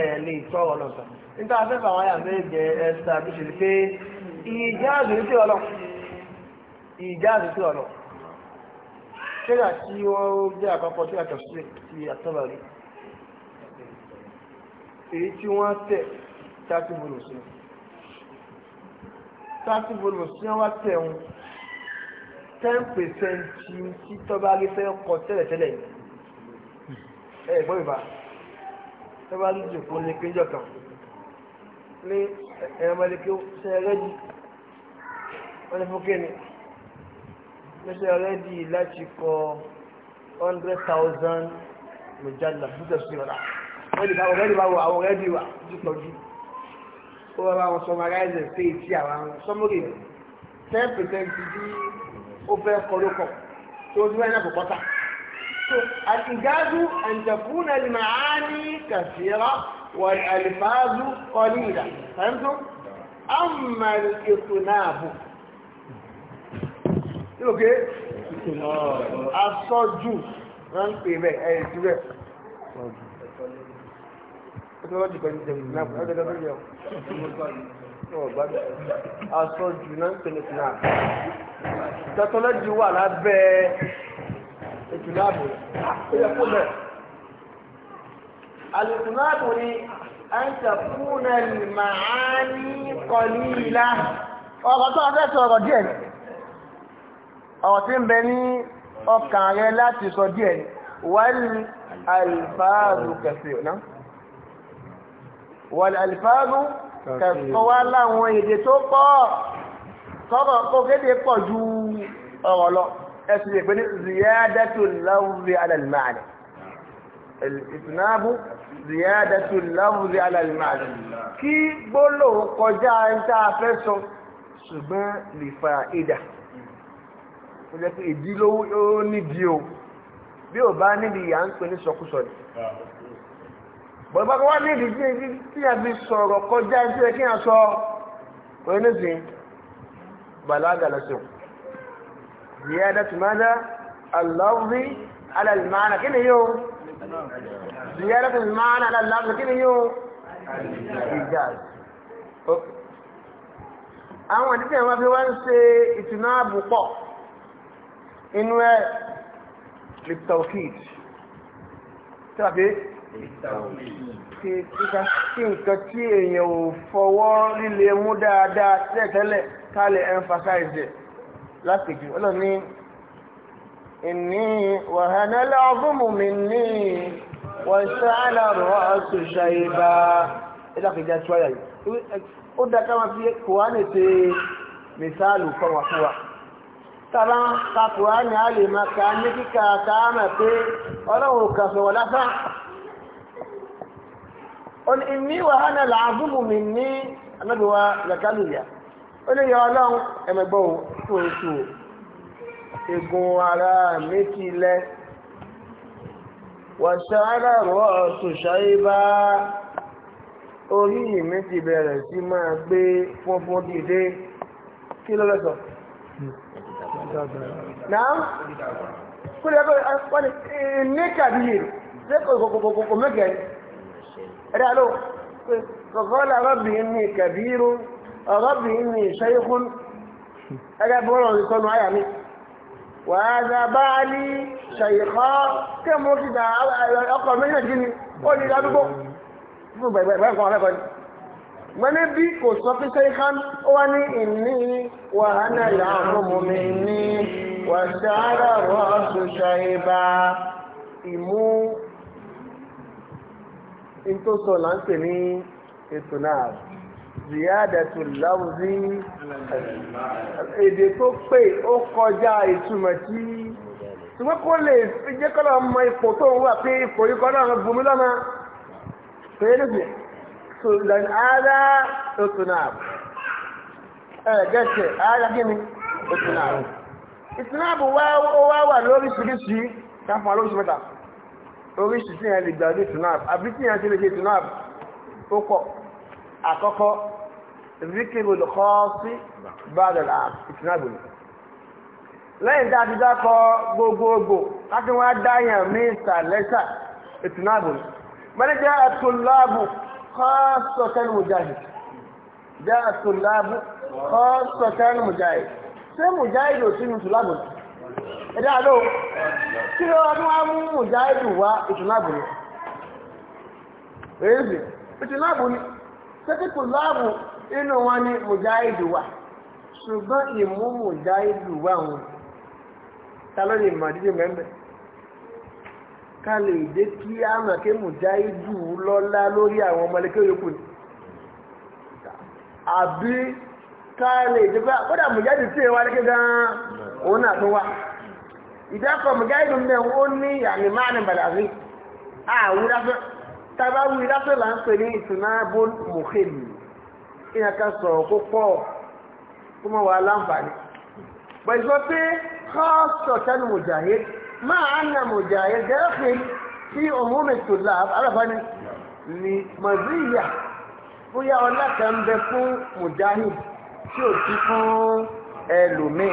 ẹ̀ lè tọ́ ọlọ́sà. níta afẹ́fẹ́ àwọn àyà méje ẹ̀sà bí ṣe pé ìjáàzù sí ọlọ́ ìjáàzù sí ọlọ́ ṣẹ́gà tí wọ́n jẹ́ àpapọ̀ sí àtọ̀sí ti àtọ́bàrí èyí tí wọ́n tẹ̀ 30 bùrù sí i thirty volumes tí wọ́n wá tẹ̀ ń ten percent tí tọ́ba rí fẹ́ kọ tẹ́lẹ̀tẹ́lẹ̀ ẹ̀ gbọ́ ìbá tọ́ba rí jòkó ní péjọ kan ní ẹ̀rọ mẹ́lẹ́kẹ́ ṣe rẹ́dí wọ́n ní fún kéènì ṣe rẹ́dí láti kọ hundred thousand mujalla fún tẹ̀síwọ̀n náà wọ́n ní báwo wọ́n ní báwo àwọn rẹ́dí wà jùlọ jù ó wá bá wọn summarize ẹ̀ pé ìtì àwọn summary rẹ̀ ten percent bí ó fẹ́ kọ́ tó o ti wáyé náà kò so àtìgáàdù àǹtàkùnà lè máa ní kàṣírà wà àlìfáàdù kọ́lí ìlà fẹ́ntó àmà ètò náà bù. lókè asọ́jú wọ́n ń pè bẹ́ẹ̀ ẹ̀ ti bẹ́ẹ̀ tẹkinọlọ́jì pẹ̀lú ìdẹ̀rù náà pẹ̀lú ẹgbẹ́ lórí ẹ̀ aṣọ jù náà ń pèlè fún náà tẹkinọlọ́jì wà lábẹ́ ètò láàbò ó yẹ kó bẹ̀. àlùkù láàbò ni à ń tẹ̀kúnà màání kọ̀líìlà ọ̀rọ̀ tó a fẹ́ sọ̀rọ̀ díẹ̀ ni ọ̀rọ̀ tí ń bẹ ní ọkàn rẹ láti sọ díẹ̀ ni wọ́n alifáàlù kẹfì náà wọ̀lẹ̀ àlìfáàgù kẹ̀kọ́ wá láwọn èdè tó pọ̀ tọ́rọ̀ kó kéde pọ̀ ju ọ̀rọ̀ lọ ẹ̀sùn ìpè ní ziyadatu lawzi ala al-ma'na ìtìnàbù ziyadatu lawzi ala al-ma'na kí gbólóhùn kọjá ń fẹ́ sọ ṣùgbọ́n lè fa ìdà ó ní di o bí ò bá níbi ìyà ń pè ní sọkúsọ ni bọ̀dọ̀bá kan wá ní ìdí tí a fi sọ̀rọ̀ kọjá tí ẹ kí n sọ pé nísìn bàlágà lọ́sọ̀ ziyada tumada alọ́rí alàlùmáàna kí ni yóò ziyada tumada alàlùmáàna kí ni yóò ìjà àwọn àdíjẹ́ wọn fi wá ń ṣe ìtùnú àbùpọ̀ inú ẹ̀ liptokid tí a fi kí nǹkan tí èèyàn ò fọwọ́ líle mú dáadáa tẹ́lẹ̀tẹ́lẹ̀ ká lè emphasize it lápèjì ọlọ́ni ìní wàhánà láàbùmù mi ní wàṣálà rọ̀ àṣùṣà ìbá ìdákejì àṣùwáyà yìí ó dáká wọn fi kòhánì ṣe mìsáàlù fọwọ́ fún wa tàbá ka kòhánì a lè máa ka ní kíkà káàmà pé ọlọ́run kà sọ̀rọ̀ lásán ó ní ìní wàhánà làázùmù mi ní anábìwá zakaliya ó ní yọ ọlọ́run ẹ̀mẹ̀gbọ́ fún ètò egun ara mi ti lẹ wàṣáárà rọ ṣùṣàìbá orí mi ti bẹ̀rẹ̀ sí máa gbé fúnfún dìde kí ló lọ́sọ̀ náà kúrẹ́ bẹ́ẹ̀ ní ní kàbíyè ṣé kò kò kò ẹ̀dá ló kọ̀kọ́lá rọ́bì ní kàbírú rọ́bì ní ṣẹ́yìnkún ẹgbẹ́ bọ́ọ̀rọ̀ ìtọ́nu àyà mi wà á gba báálí ṣàyìnkọ́ kí mo ti dà ọkọ̀ méjèèjì ni ó ní ládùúgbò fún gbẹgbẹgbẹ nǹkan ọ̀rẹ́kọ̀ ni gbẹ́ni bí kò sọ pé ṣẹ́yìnkán ó wá ní ìní wàhánà làwọn ọmọ mi ní wàṣà àrà rọ́ọ̀ṣù ṣàyìnbá ìmú in tó sọ là ń pè ní ètò náà ziyadatu lawzi èdè tó pé ó kọjá ìtumọ̀ tí ṣùgbọ́n kó lè fi jẹ́ kọ́ lọ́wọ́ mọ ipò tó ń wà pé ipò yìí kọ́ náà bùnmi lọ́nà pé é lóṣù tó lẹ́nu ara ètò náà ẹ̀ẹ́dẹ́sẹ̀ ara kí ni ètò náà ìtìláàbù wá wà lóríṣiríṣi káfọ́ lóríṣiríṣi mẹ́ta oríṣi tí yẹn lè gbà ní tunab àbí tí yẹn ti lè ṣe tunab ó pọ̀ àkọ́kọ́ zikiru lọ́kọ́ sí bàdàl àm ìtunabu ni lẹ́yìn tá a ti dákọ̀ gbogbogbò láti wá dáyàn mí sàlẹ́sà ìtunabu e ni mẹ́rin jẹ́ àtúnláàbù kọ́sọ̀tẹ́nu mujahid jẹ́ àtúnláàbù kọ́sọ̀tẹ́nu mujahid ṣé mujahid ò sínú tùlábù ni. ẹ̀dá àdó kí ló wọ́n wá mú mùjáìdù wá ìtùnáàbù ni ni sẹ́kìtù láàbù inú wọn ni wà ṣùgbọ́n ìmú mùjáìdù wà wọn ta ló ìmọ̀ dídì mẹ́mbẹ́ ká lè dé kí kí lọ́lá lórí àwọn yòókù ni àbí ká lè dé òun ìdákọ̀ mùgáìdùn mẹ́ ó ní àmì máa ní bàdàrí àwúráfẹ́ tàbá wúráfẹ́ là ń pè ní ìtùná bó mùkèlì ìyẹn ká sọ̀rọ̀ kó pọ̀ kó mọ̀ wá láǹfààní bọ̀ ìsọ pé kọ́ọ̀sọ̀ tẹ́nu mùjàhé máa ń na mùjàhé gẹ́rẹ́fẹ́ sí òmùmí tòlá alábàání ni mọ̀dúyà bóyá ọlá kan ń bẹ fún mùjàhé tí ò sí fún ẹlòmíì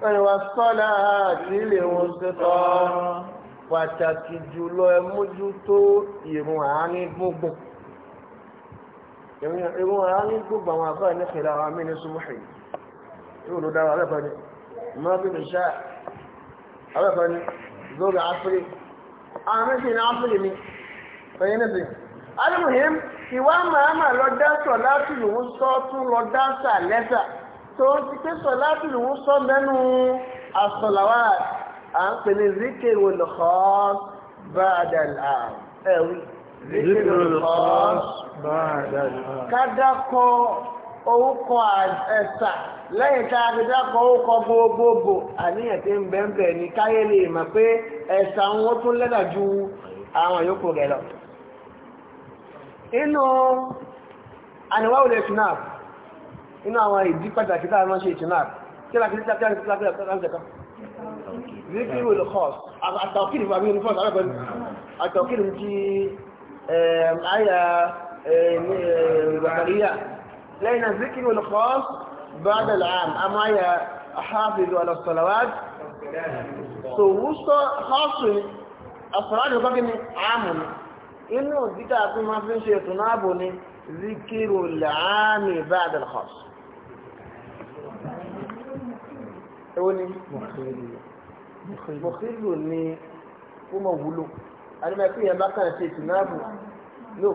والصلاة الوسطى pàtàkì jùlọ ẹ mójútó ìrùn àárín gbogbo ìrùn àárín gbogbo àwọn àbá ní kìlá àwọn amínú súnmọ́hì yóò ló dára alábàáni mọ́bìnrin ṣá alábàáni lórí áfírí àwọn méjì ní áfírí ni ẹ̀yìn níbi alimuhim ìwà màámà lọ dá láti lòun sọ tún lọ dá lẹ́sà tó ti pé sọ̀lá bí lòun sọ mẹ́nu àsọ̀làwà à ń pè ní zikiri olùkọ́ bá a dà ní ẹ̀wí. zikiri olùkọ́ bá a dà ní ẹ̀wí. kádàkọ́ orúkọ ẹ̀sà lẹ́yìn tá a fi dákọ̀ orúkọ gbogbogbò àníyàn tí ń bẹ́ẹ̀ ní káyé lè mọ̀ pé ẹ̀sà wọn tún lẹ́dà ju àwọn yòókù rẹ̀ lọ. inú àníwáwò lè fi náà inú àwọn ìdí pàtàkì tá a máa ń ṣe ìtìmá kí láti títí àti láti láti kan zikiru the cost àtàkìrì àbí ní fọ́s alábẹ́ni àtàkìrì ti àyà ìbàkàríyà lẹ́yìn náà zikiru the cost بعد العام أما هي حافظ على الصلوات so wúsọ kọ́ọ̀sù àfọ́lájù kọ́kí ni àmù ni inú dídá tó máa fi ń ṣe ètò náà bò ní zikiru làámi bá àdàlù kọ́ọ̀sù ẹwọ́ ni mọ̀kílù ni ó mọ̀ wúlò àdìmọ̀ ẹ̀kú yẹn bá kàn ṣe ìtìnáàbù no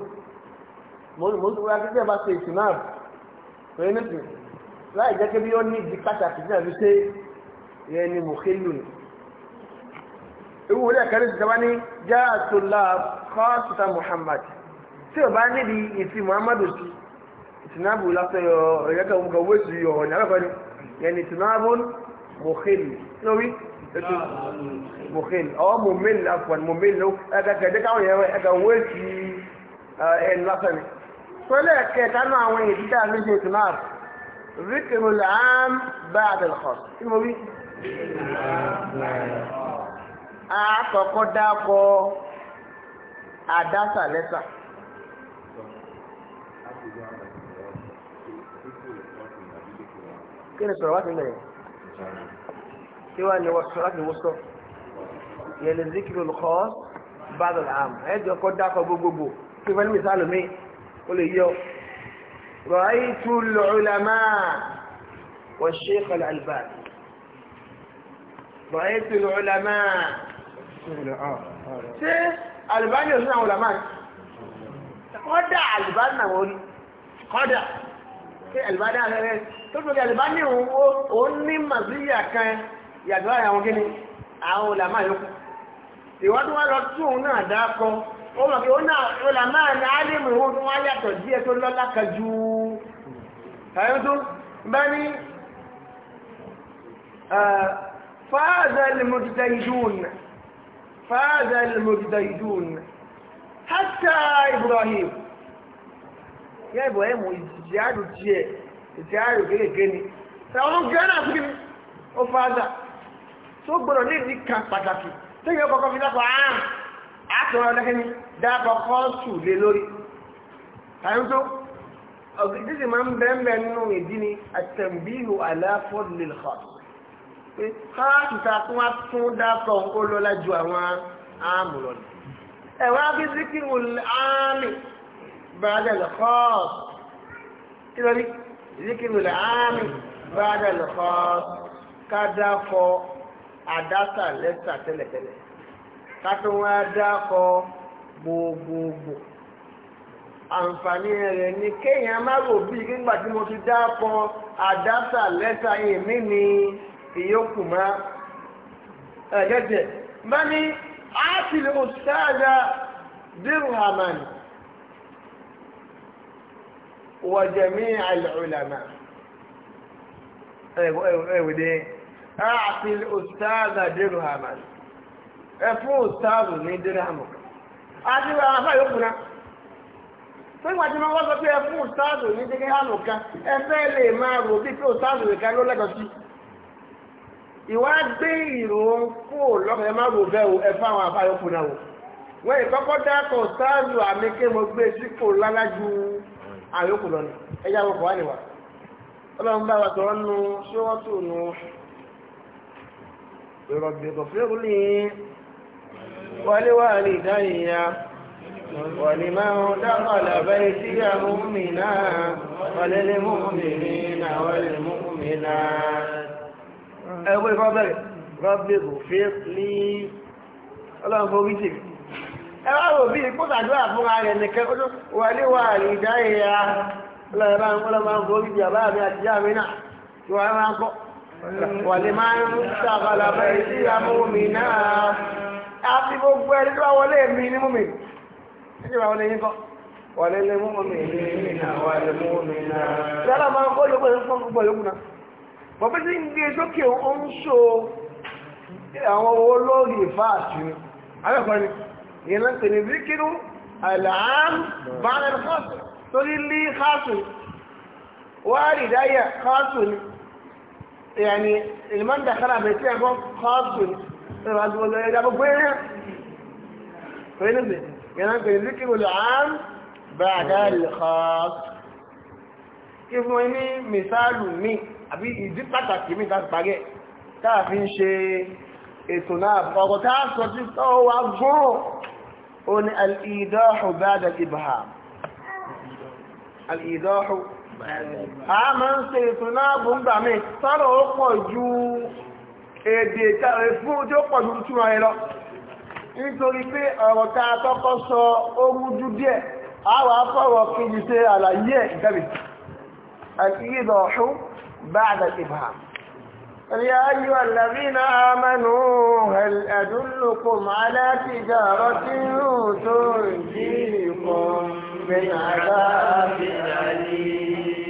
mọ̀lùmọ́lù wá kíkẹ́ bá ṣe ìtìnáàbù pé nítì láì jẹ́ kébí ó ní ìdí pàtàkì náà fi ṣe yẹn ni mọ̀kílù ni ewu wọlé ẹ̀kẹ́rẹ́ ti sábà ní já àtúlá kọ́ọ̀tùtà Muhammad tí o bá níbi ìfi Muhammadu sí ìtìnáàbù lásán ọ̀rẹ́kẹ́ òun kan wé mohel lórí mohel ọ mohel afọ mohel ló ẹgbẹ kẹjẹ káwọn yẹn ẹgbẹ wọ́n ti ẹnu lásán ni. sọlẹ̀ kẹta náà àwọn èyí títà ní ṣe tìmá ذكر العام بعد الخاص kí ni mo wí. àkọ́kọ́ dákọ̀ àdásà lẹ́sà. kí kí wá ní wọ́sọ̀rọ̀ ní wọ́sọ̀ yẹn ní zikiru lùkọ́ bàdàn àm ẹ̀jọ̀ kọ́ dákọ̀ gbogbogbò kí fẹ́ ní misálù mi ó lè yọ. ra'aytu al-ulama wa shaykh al-albani ra'aytu al-ulama ṣé albani òṣìṣẹ́ àwọn ulama kọ́dà albani náà wọ́n rí kọ́dà ṣé albani àlẹ́ rẹ̀ tó tó di albani òun ní màzíyà kan yàtọ̀ láàrin àwọn kíni àwọn olàmá yòókù ìwádìí wá lọ tún òun náà dákọ ó mọ̀ pé ó náà olàmá ní álímù ìwọ́n tó wá yàtọ̀ díẹ̀ tó lọ́lá kan ju ẹ̀yọ́ tó bá ní fáàzà lèmọ̀dìdà ìdún fáàzà lèmọ̀dìdà ìdún hátà Ibrahim yẹ́ Ibrahim ìjìyàrù díẹ̀ ìjìyàrù kéèké ni ṣàwọn gánà fún mi ó fáàzà tó gbọ́dọ̀ ní ìdí kan pàtàkì tẹ́yìn ọkọ̀ fi dápọ̀ àrùn àtọ̀rọ̀ lẹ́kẹ́ni dápọ̀ kọ́ọ̀tù lé lórí tàbí tó ọ̀gbìn tí máa ń bẹ́ẹ̀ nínú ìdí ni àtẹ̀m̀bíhù aláfọ́dìlẹ̀ kọ́ọ̀tù pé kọ́ọ̀tù ta tún wá tún dápọ̀ ó lọ́lá ju àwọn àmù lọ ni ẹ̀wọ́n á bí zikiru àmì bàdà àdásà lẹ́sà tẹ́lẹ̀tẹ́lẹ̀ ká tó wọ́n á dákọ gbogbogbò àǹfààní rẹ̀ ni kéèyàn má rò bí nígbà tí mo ti dákọ àdásà lẹ́sà èmi ni ìyókù mọ́ ẹ̀gẹ́dẹ̀ bá ní áàtìlì òṣìṣẹ́ dirhaman wa jami'al ulama ẹ̀wẹ̀dẹ̀. àti ustaza dirhama ẹ fún ustaza ní dirhama àti wà áfà yóò fúnra nígbà tí wọ́n sọ pé ẹ fún ní dirhama kan ẹ lè máa rò bí pé ustaza nìkan ló lẹ́kọ̀ọ́ ìwà gbé rò o àwọn wọ́n dákọ̀ àmì رب اغفر لي ولوالدي ولمن دخل بيتي مؤمنا وللمؤمنين والمؤمنات أقول رب رب اغفر لي الله فوقيتك ẹwà rò bí ìpòsàdúrà fún ààrẹ nìkan ó wà níwà ìdáyẹ̀yà lọ́rọ̀ máa ń kọ́ lọ́mọ wàlímán ṣàkàlà bẹ́ẹ̀ sí amóhùnmí náà àti gbogbo ẹni tó bá wọlé mi ní múmi ẹni bá wọlé yín kọ́ wọlé lé múmi ní wọlé múmi náà yálà máa ń kọ́ yókù ẹ̀ fún gbogbo yókù náà bọ̀bí sí ń gbé e sókè ó àwọn owó lórí يعني المن دخلها بيتين يكون خاص بالرجل ده بقول فين ده يعني الذكر العام بعد الخاص كيف mo ní mìsáàlù mi àbí ìdí pàtàkì mi láti pàgẹ́ táà fi ń ṣe ètò náà ọ̀gọ̀ táà sọ tí ó wà gbọ́rọ̀ o ni al'idahu bá da ibham al'idahu a máa ń ṣe ìtún náà bó ń gbà mí sọ́rọ̀ ó pọ̀ ju èdè fún tí ó pọ̀ ju túmọ̀ rẹ lọ nítorí pé ọ̀rọ̀ tá a kọ́kọ́ sọ ó rújú díẹ̀ a wà á fọ̀rọ̀ kejì ṣe àlàyé ẹ̀ gẹ́bì àti ìdọ̀ọ̀ṣù bá àdàkìbà يا أيها الذين آمنوا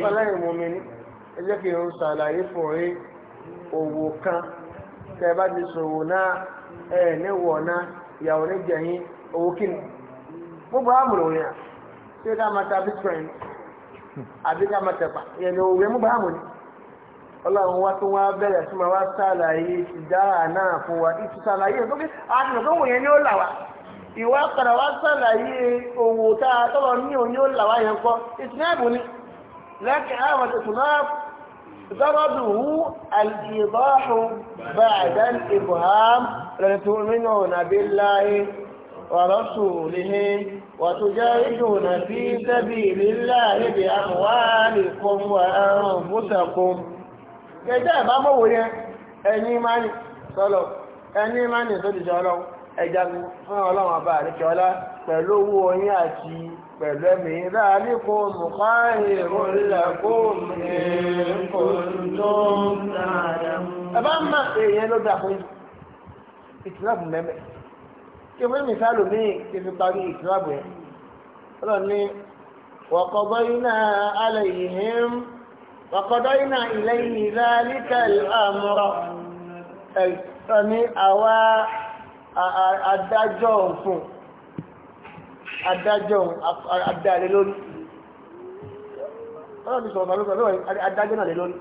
ọlẹ́yìn mọ́mi ní ẹ jẹ́ kí n ṣàlàyé fún yín òwò kan tẹ́ bá ti ṣòwò náà ẹ níwọ̀ náà ìyàwó ní jẹ̀yìn owó kíni gbogbo àmúlò yẹn ṣé ká máa ta bitcoin àbí ká máa tẹ̀pà ìyẹn ni òwe gbogbo àmúlò ọlọ́run wá tó wá bẹ̀rẹ̀ sí wá ṣàlàyé ìdára náà fún wa ìtú ṣàlàyé ó là wá ìwà wá ṣàlàyé tá a tọ́lọ ní là wá لكن على الإطلاق ضربه الإيضاح بعد الإبهام لتؤمنون بالله ورسوله وتجاهدون في سبيل الله بأموالكم وأنفسكم كذا ما مويا أني ماني صلوا أني ماني صلوا أجل فأنا الله ما بارك ولا فلو وني pẹ̀lú ẹ̀mí láàrin kò mú káyè òrìlẹ̀ kò mú kò tó ń dáadáa. ẹ bá ń máa pè yẹn ló dà fún yìí ìtìláàbù mẹ́mẹ́ kí wọ́n mi sálò adájọ́ adáalé lórí ọlọ́run ti sọ̀rọ̀ lókọ̀ lórí adájọ́ náà lé lórí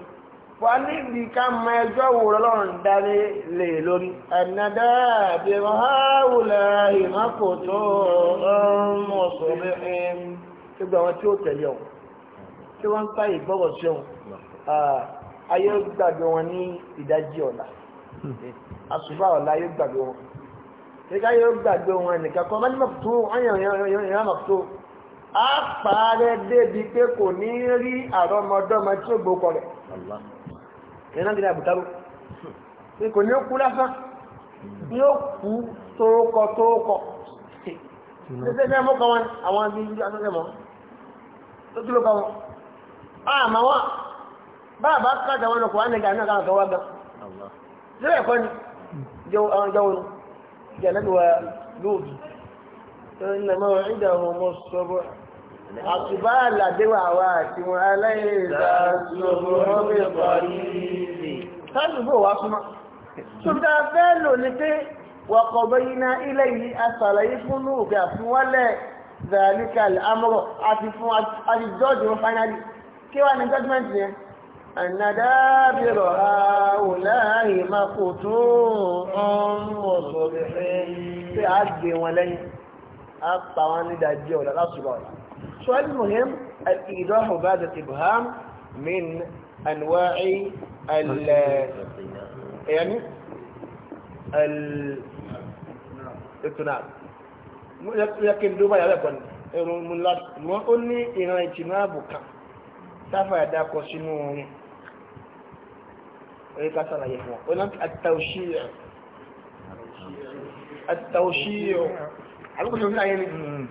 wà níbi ká mọ ẹjọ́ wo ọlọ́run dání lè lórí ẹ̀nàdá àbí ọ̀háwùlẹ̀ ìmọ́kòtò ọmọ̀sọ̀mẹ́rin gbogbo àwọn tí ó tẹ̀lé ọ̀hún tí wọ́n ń sáyè gbọ́rọ̀ sí nígbà yóò gbàgbé wọn nìkan kan mọ́lẹ́mọ̀ tó ọ̀yàn tó á pààrẹ débi pé kò ní rí àrọmọdọ́mọ tí ó gbókọ rẹ̀ ìrìnà gíga àbùtárò pé kò ní kú lásán ní ó kú tóókọ tóókọ ṣẹṣẹ ní ọmọkọ wọn àwọn ibi ìlú asọ́sẹ́ mọ́ tó kí ló kọ wọn àmọ́ wọn báàbá kájà wọn lọ kò wá nígbà náà káwọn kan wá gan síbẹ̀ kọ́ ni jẹun جلدها لوط إن موعدهم الصبح àtùbá àlàdéwà wa àti wọn aláìsà ṣòro tàbíbò wá súnmọ́ ṣùgbọ́n fẹ́ lò ní pé wọ̀kọ̀bọ̀ iná ilẹ̀ yìí asàlàyé fún lóògbé àfúnwọ́lẹ̀ zalikal amọ́rọ̀ àti fún àti george wọn finally kí wá ní judgment yẹn ànàdábìrọ̀ àwòláàrí máa kò tó ọmọ sọ̀rọ̀ pé a gbé wọn lẹ́yìn a pa wọn ní dájí ọ̀la lásùgbà ọ̀la so al-muhim al-idahu ba'da ibham min anwa'i al-yani al-itunab yakin duba ya lẹ́kọ̀ọ́ ni ẹ̀rọ múlá wọ́n ó ní ìran ìtìnú àbùkà sáfà ẹ̀dá kọ sínú orin oye ká sàlàyé fún ọ ọ̀nà àtàwṣíyà àtàwṣíyà àbúkọ̀tọ̀ ní ayé ni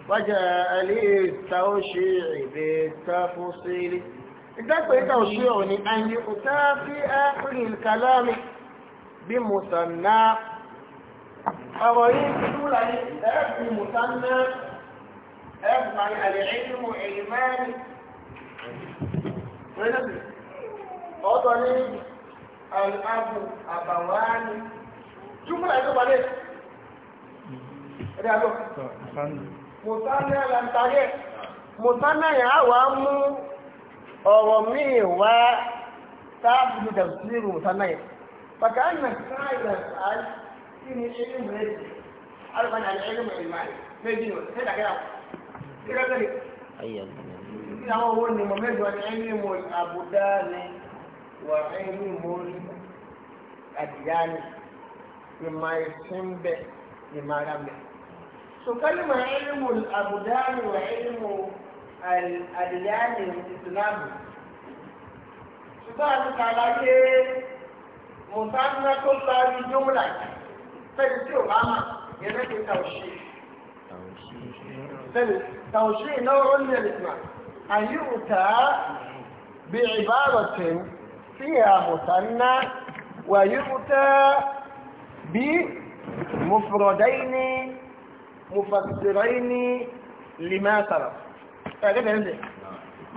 wájà alẹ́ tàwṣíyà ìbẹ̀ tàfúnṣílẹ̀ ìdápẹ̀ tàwṣíyà ni ayé òtá fi áhùrì kàlámi bí mùsànná ọ̀rọ̀ yìí túnra ní ẹ̀ẹ́fì mùsànná ẹ̀ẹ́fì àlẹ́ ìlú ìmáàlì ọ̀tọ̀ ní al'abu àbàwáni jùmọ̀ ẹ̀dọ́ balẹ̀ ẹ̀dẹ́ àlọ́ mùsànà làǹtàgẹ̀ mùsànà yà wà mú ọ̀rọ̀ míì wá tábìlì tafsir mùsànà yà bàkà ń nà sáyà sáyà kí ni ilé mùrẹ́dì alùpàdé àti ilé mùrẹ́dì máa méjì ní ọ̀sẹ̀ dàgẹ́dà kí lọ́sẹ̀ ni àwọn owó ni mọ̀ وعلم الأديان بما يسمى به بما لم فكلمة علم الأبدان وعلم الأديان الإسلام سبحان سبحانه وتعالى مصنف الله جملة فلسيو ماما ينبي توشيح توشيح نوع من الإسلام أن يؤتى بعبارة فيها مثنى ويؤتى بمفردين مفسرين لما ترى من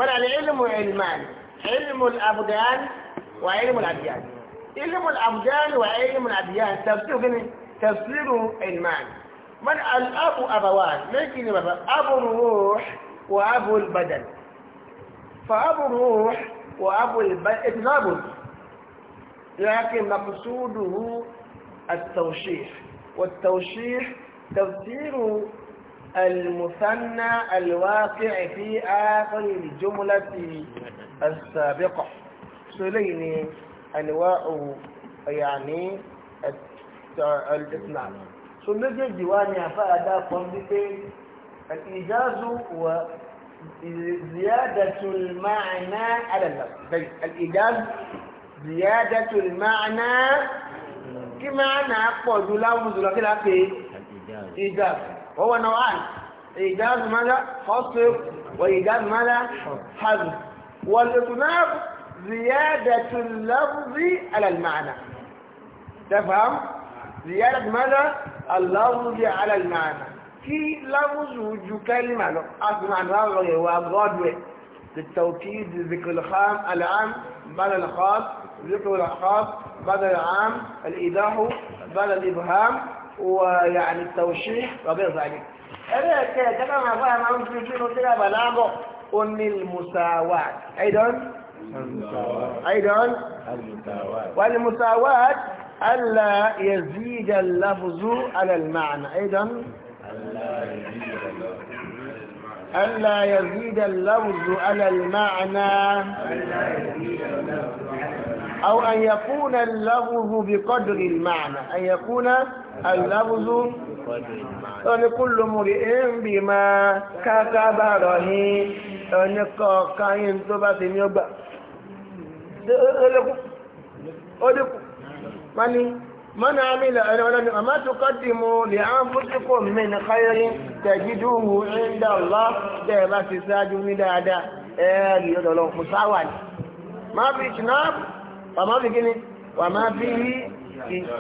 العلم علمان علم الأبدان وعلم الأديان علم الأبدان وعلم الأديان تفسير تفسير علمان من الأب أبوان لكن أبو الروح وأبو البدن فأبو الروح وأبو البيع إتناب لكن مقصوده التوشيح والتوشيح تفسير المثنى الواقع في آخر الجملة السابقة سلين أنواع يعني الإثنان سنجد جواني أفادة قنبتين الإيجاز زيادة المعنى على اللفظ طيب الإيجاز زيادة المعنى كما أنا أقول لا وزر كلا في إيجاز وهو نوعان إيجاز ماذا حصر وإيجاز ماذا حذف والإطلاق زيادة اللفظ على المعنى تفهم زيادة ماذا اللفظ على المعنى kí لفظ ju kẹ́lìmà أصلا asùnmọ̀ àná lọ للتوكيد ذكر الخام العام بعد الخاص ذكر الخاص بعد العام الإيضاح بعد الإبهام ويعني التوشيح وغير ذلك أنا كده ما أنت في فلسطين بلاغه أن المساواة أيضا أيضا المساواة والمساواة ألا يزيد اللفظ على المعنى أيضا ألا يزيد اللفظ على المعنى أو أن يكون اللفظ بقدر المعنى أن يكون اللفظ أن كل مرئ بما كتب رهين أن كاين تبات يبقى أدكو أدكو ماني من عمل أما تقدموا لأنفسكم من خير تجدوه عند الله تبا تساجوا مدادا ẹ̀ẹ́rì ọ̀dọ̀lọ̀ mùsáwà ní ma fi ṣìnáàbù pàmọ́ fi gíní pàmọ́ fi yí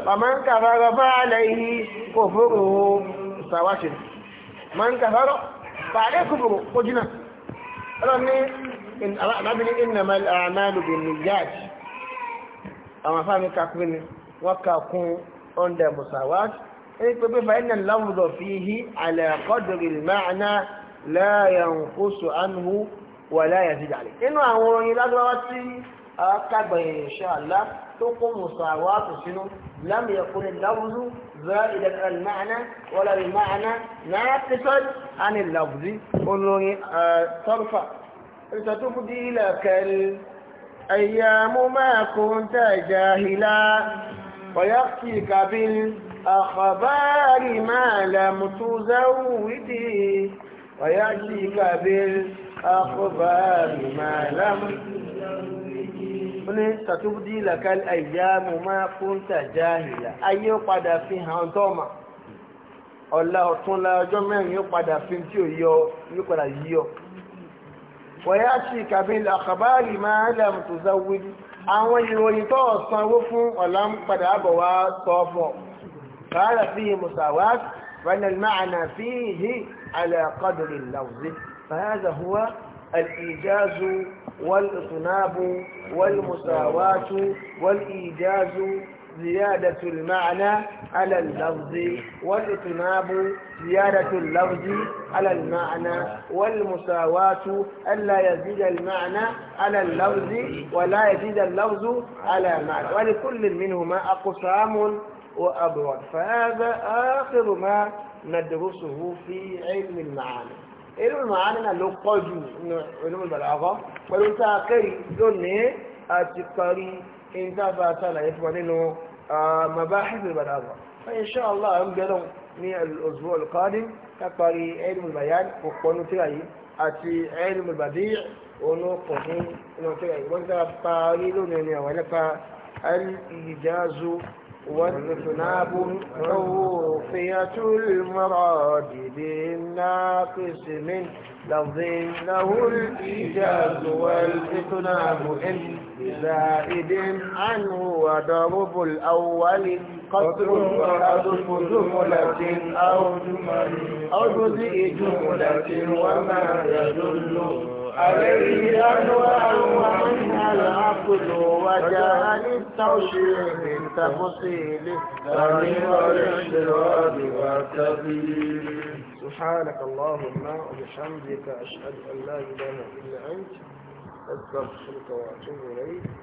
pàmọ́ ń kàfàrọ̀ bá aláìhí kò fóró mùsáwàṣì ma ń kàfàrọ̀ pàdé kúfòrò kó jìnà ọlọ́ni alábìnrin ìnàmàlù bin nìyàjì àwọn afáàmì kakúrin wọ́n kà kún ọ̀ndà musawat ẹni pé bẹ́ẹ̀ fàyínà láwùrọ̀ fi hí àlẹ́kọ́dọ̀rì máàná láàyàn kóso ànú wà láàyàn ti dàlẹ́. nínú àwọn orin lágbára tí akágbẹ̀yìn ìṣàlá tó kó musawat sínú lámì ẹ̀kúnrin láwùrú زائدا عن المعنى ولا بمعنى ناقصا عن اللفظ قلوني صرفا ستفضي لك الأيام ويأتيك بالأخبار ما لم تزودي ويأتيك بالأخبار ما لم ní tàtúbdí làkàl àyàmù máa fún tàjáhìlá ayé ó padà fi hàn tọ́mà ọ̀la ọ̀túnla ọjọ́ mẹ́rin ó padà fi tí ò yọ yóò padà yíyọ ويأتيك بالأخبار ما لم تزود àwọn ìròyìn tó sanwó fún ọ̀la ń padà bọ̀ wá sọ fọ̀ قال فيه مساواة فإن المعنى فيه على قدر اللوز فهذا هو الإيجاز والإطناب والمساواة والإيجاز زيادة المعنى على اللفظ والإتناب زيادة اللفظ على المعنى والمساواة ألا يزيد المعنى على اللفظ ولا يزيد اللفظ على معنى ولكل منهما أقسام وأبواب فهذا آخر ما ندرسه في علم المعاني علم المعاني لقجو علم البلاغة pẹ̀lú ذني أتقري in ta ba ta na yafi wani no mabahis al-balagha fa insha Allah an gado ni al-usbu' al-qadim ka parí ilmu al-bayan ko konu tírà yìí ilmu al-badi' ono ko ni no tírà yìí wọ́n ta lo ni ni àwọn pa al-ijazu والثناب عوفية المراد للناقص من لفظ له الإيجاز والاثناب إن بزائد عنه وضرب الأول قصر وحذف جملة أو جزء جملة وما يدل عليه أنواع ومنها العقل وجعل التوشيح من سبحانك اللهم وبحمدك أشهد أن لا إله إلا أنت أستغفرك وأتوب إليك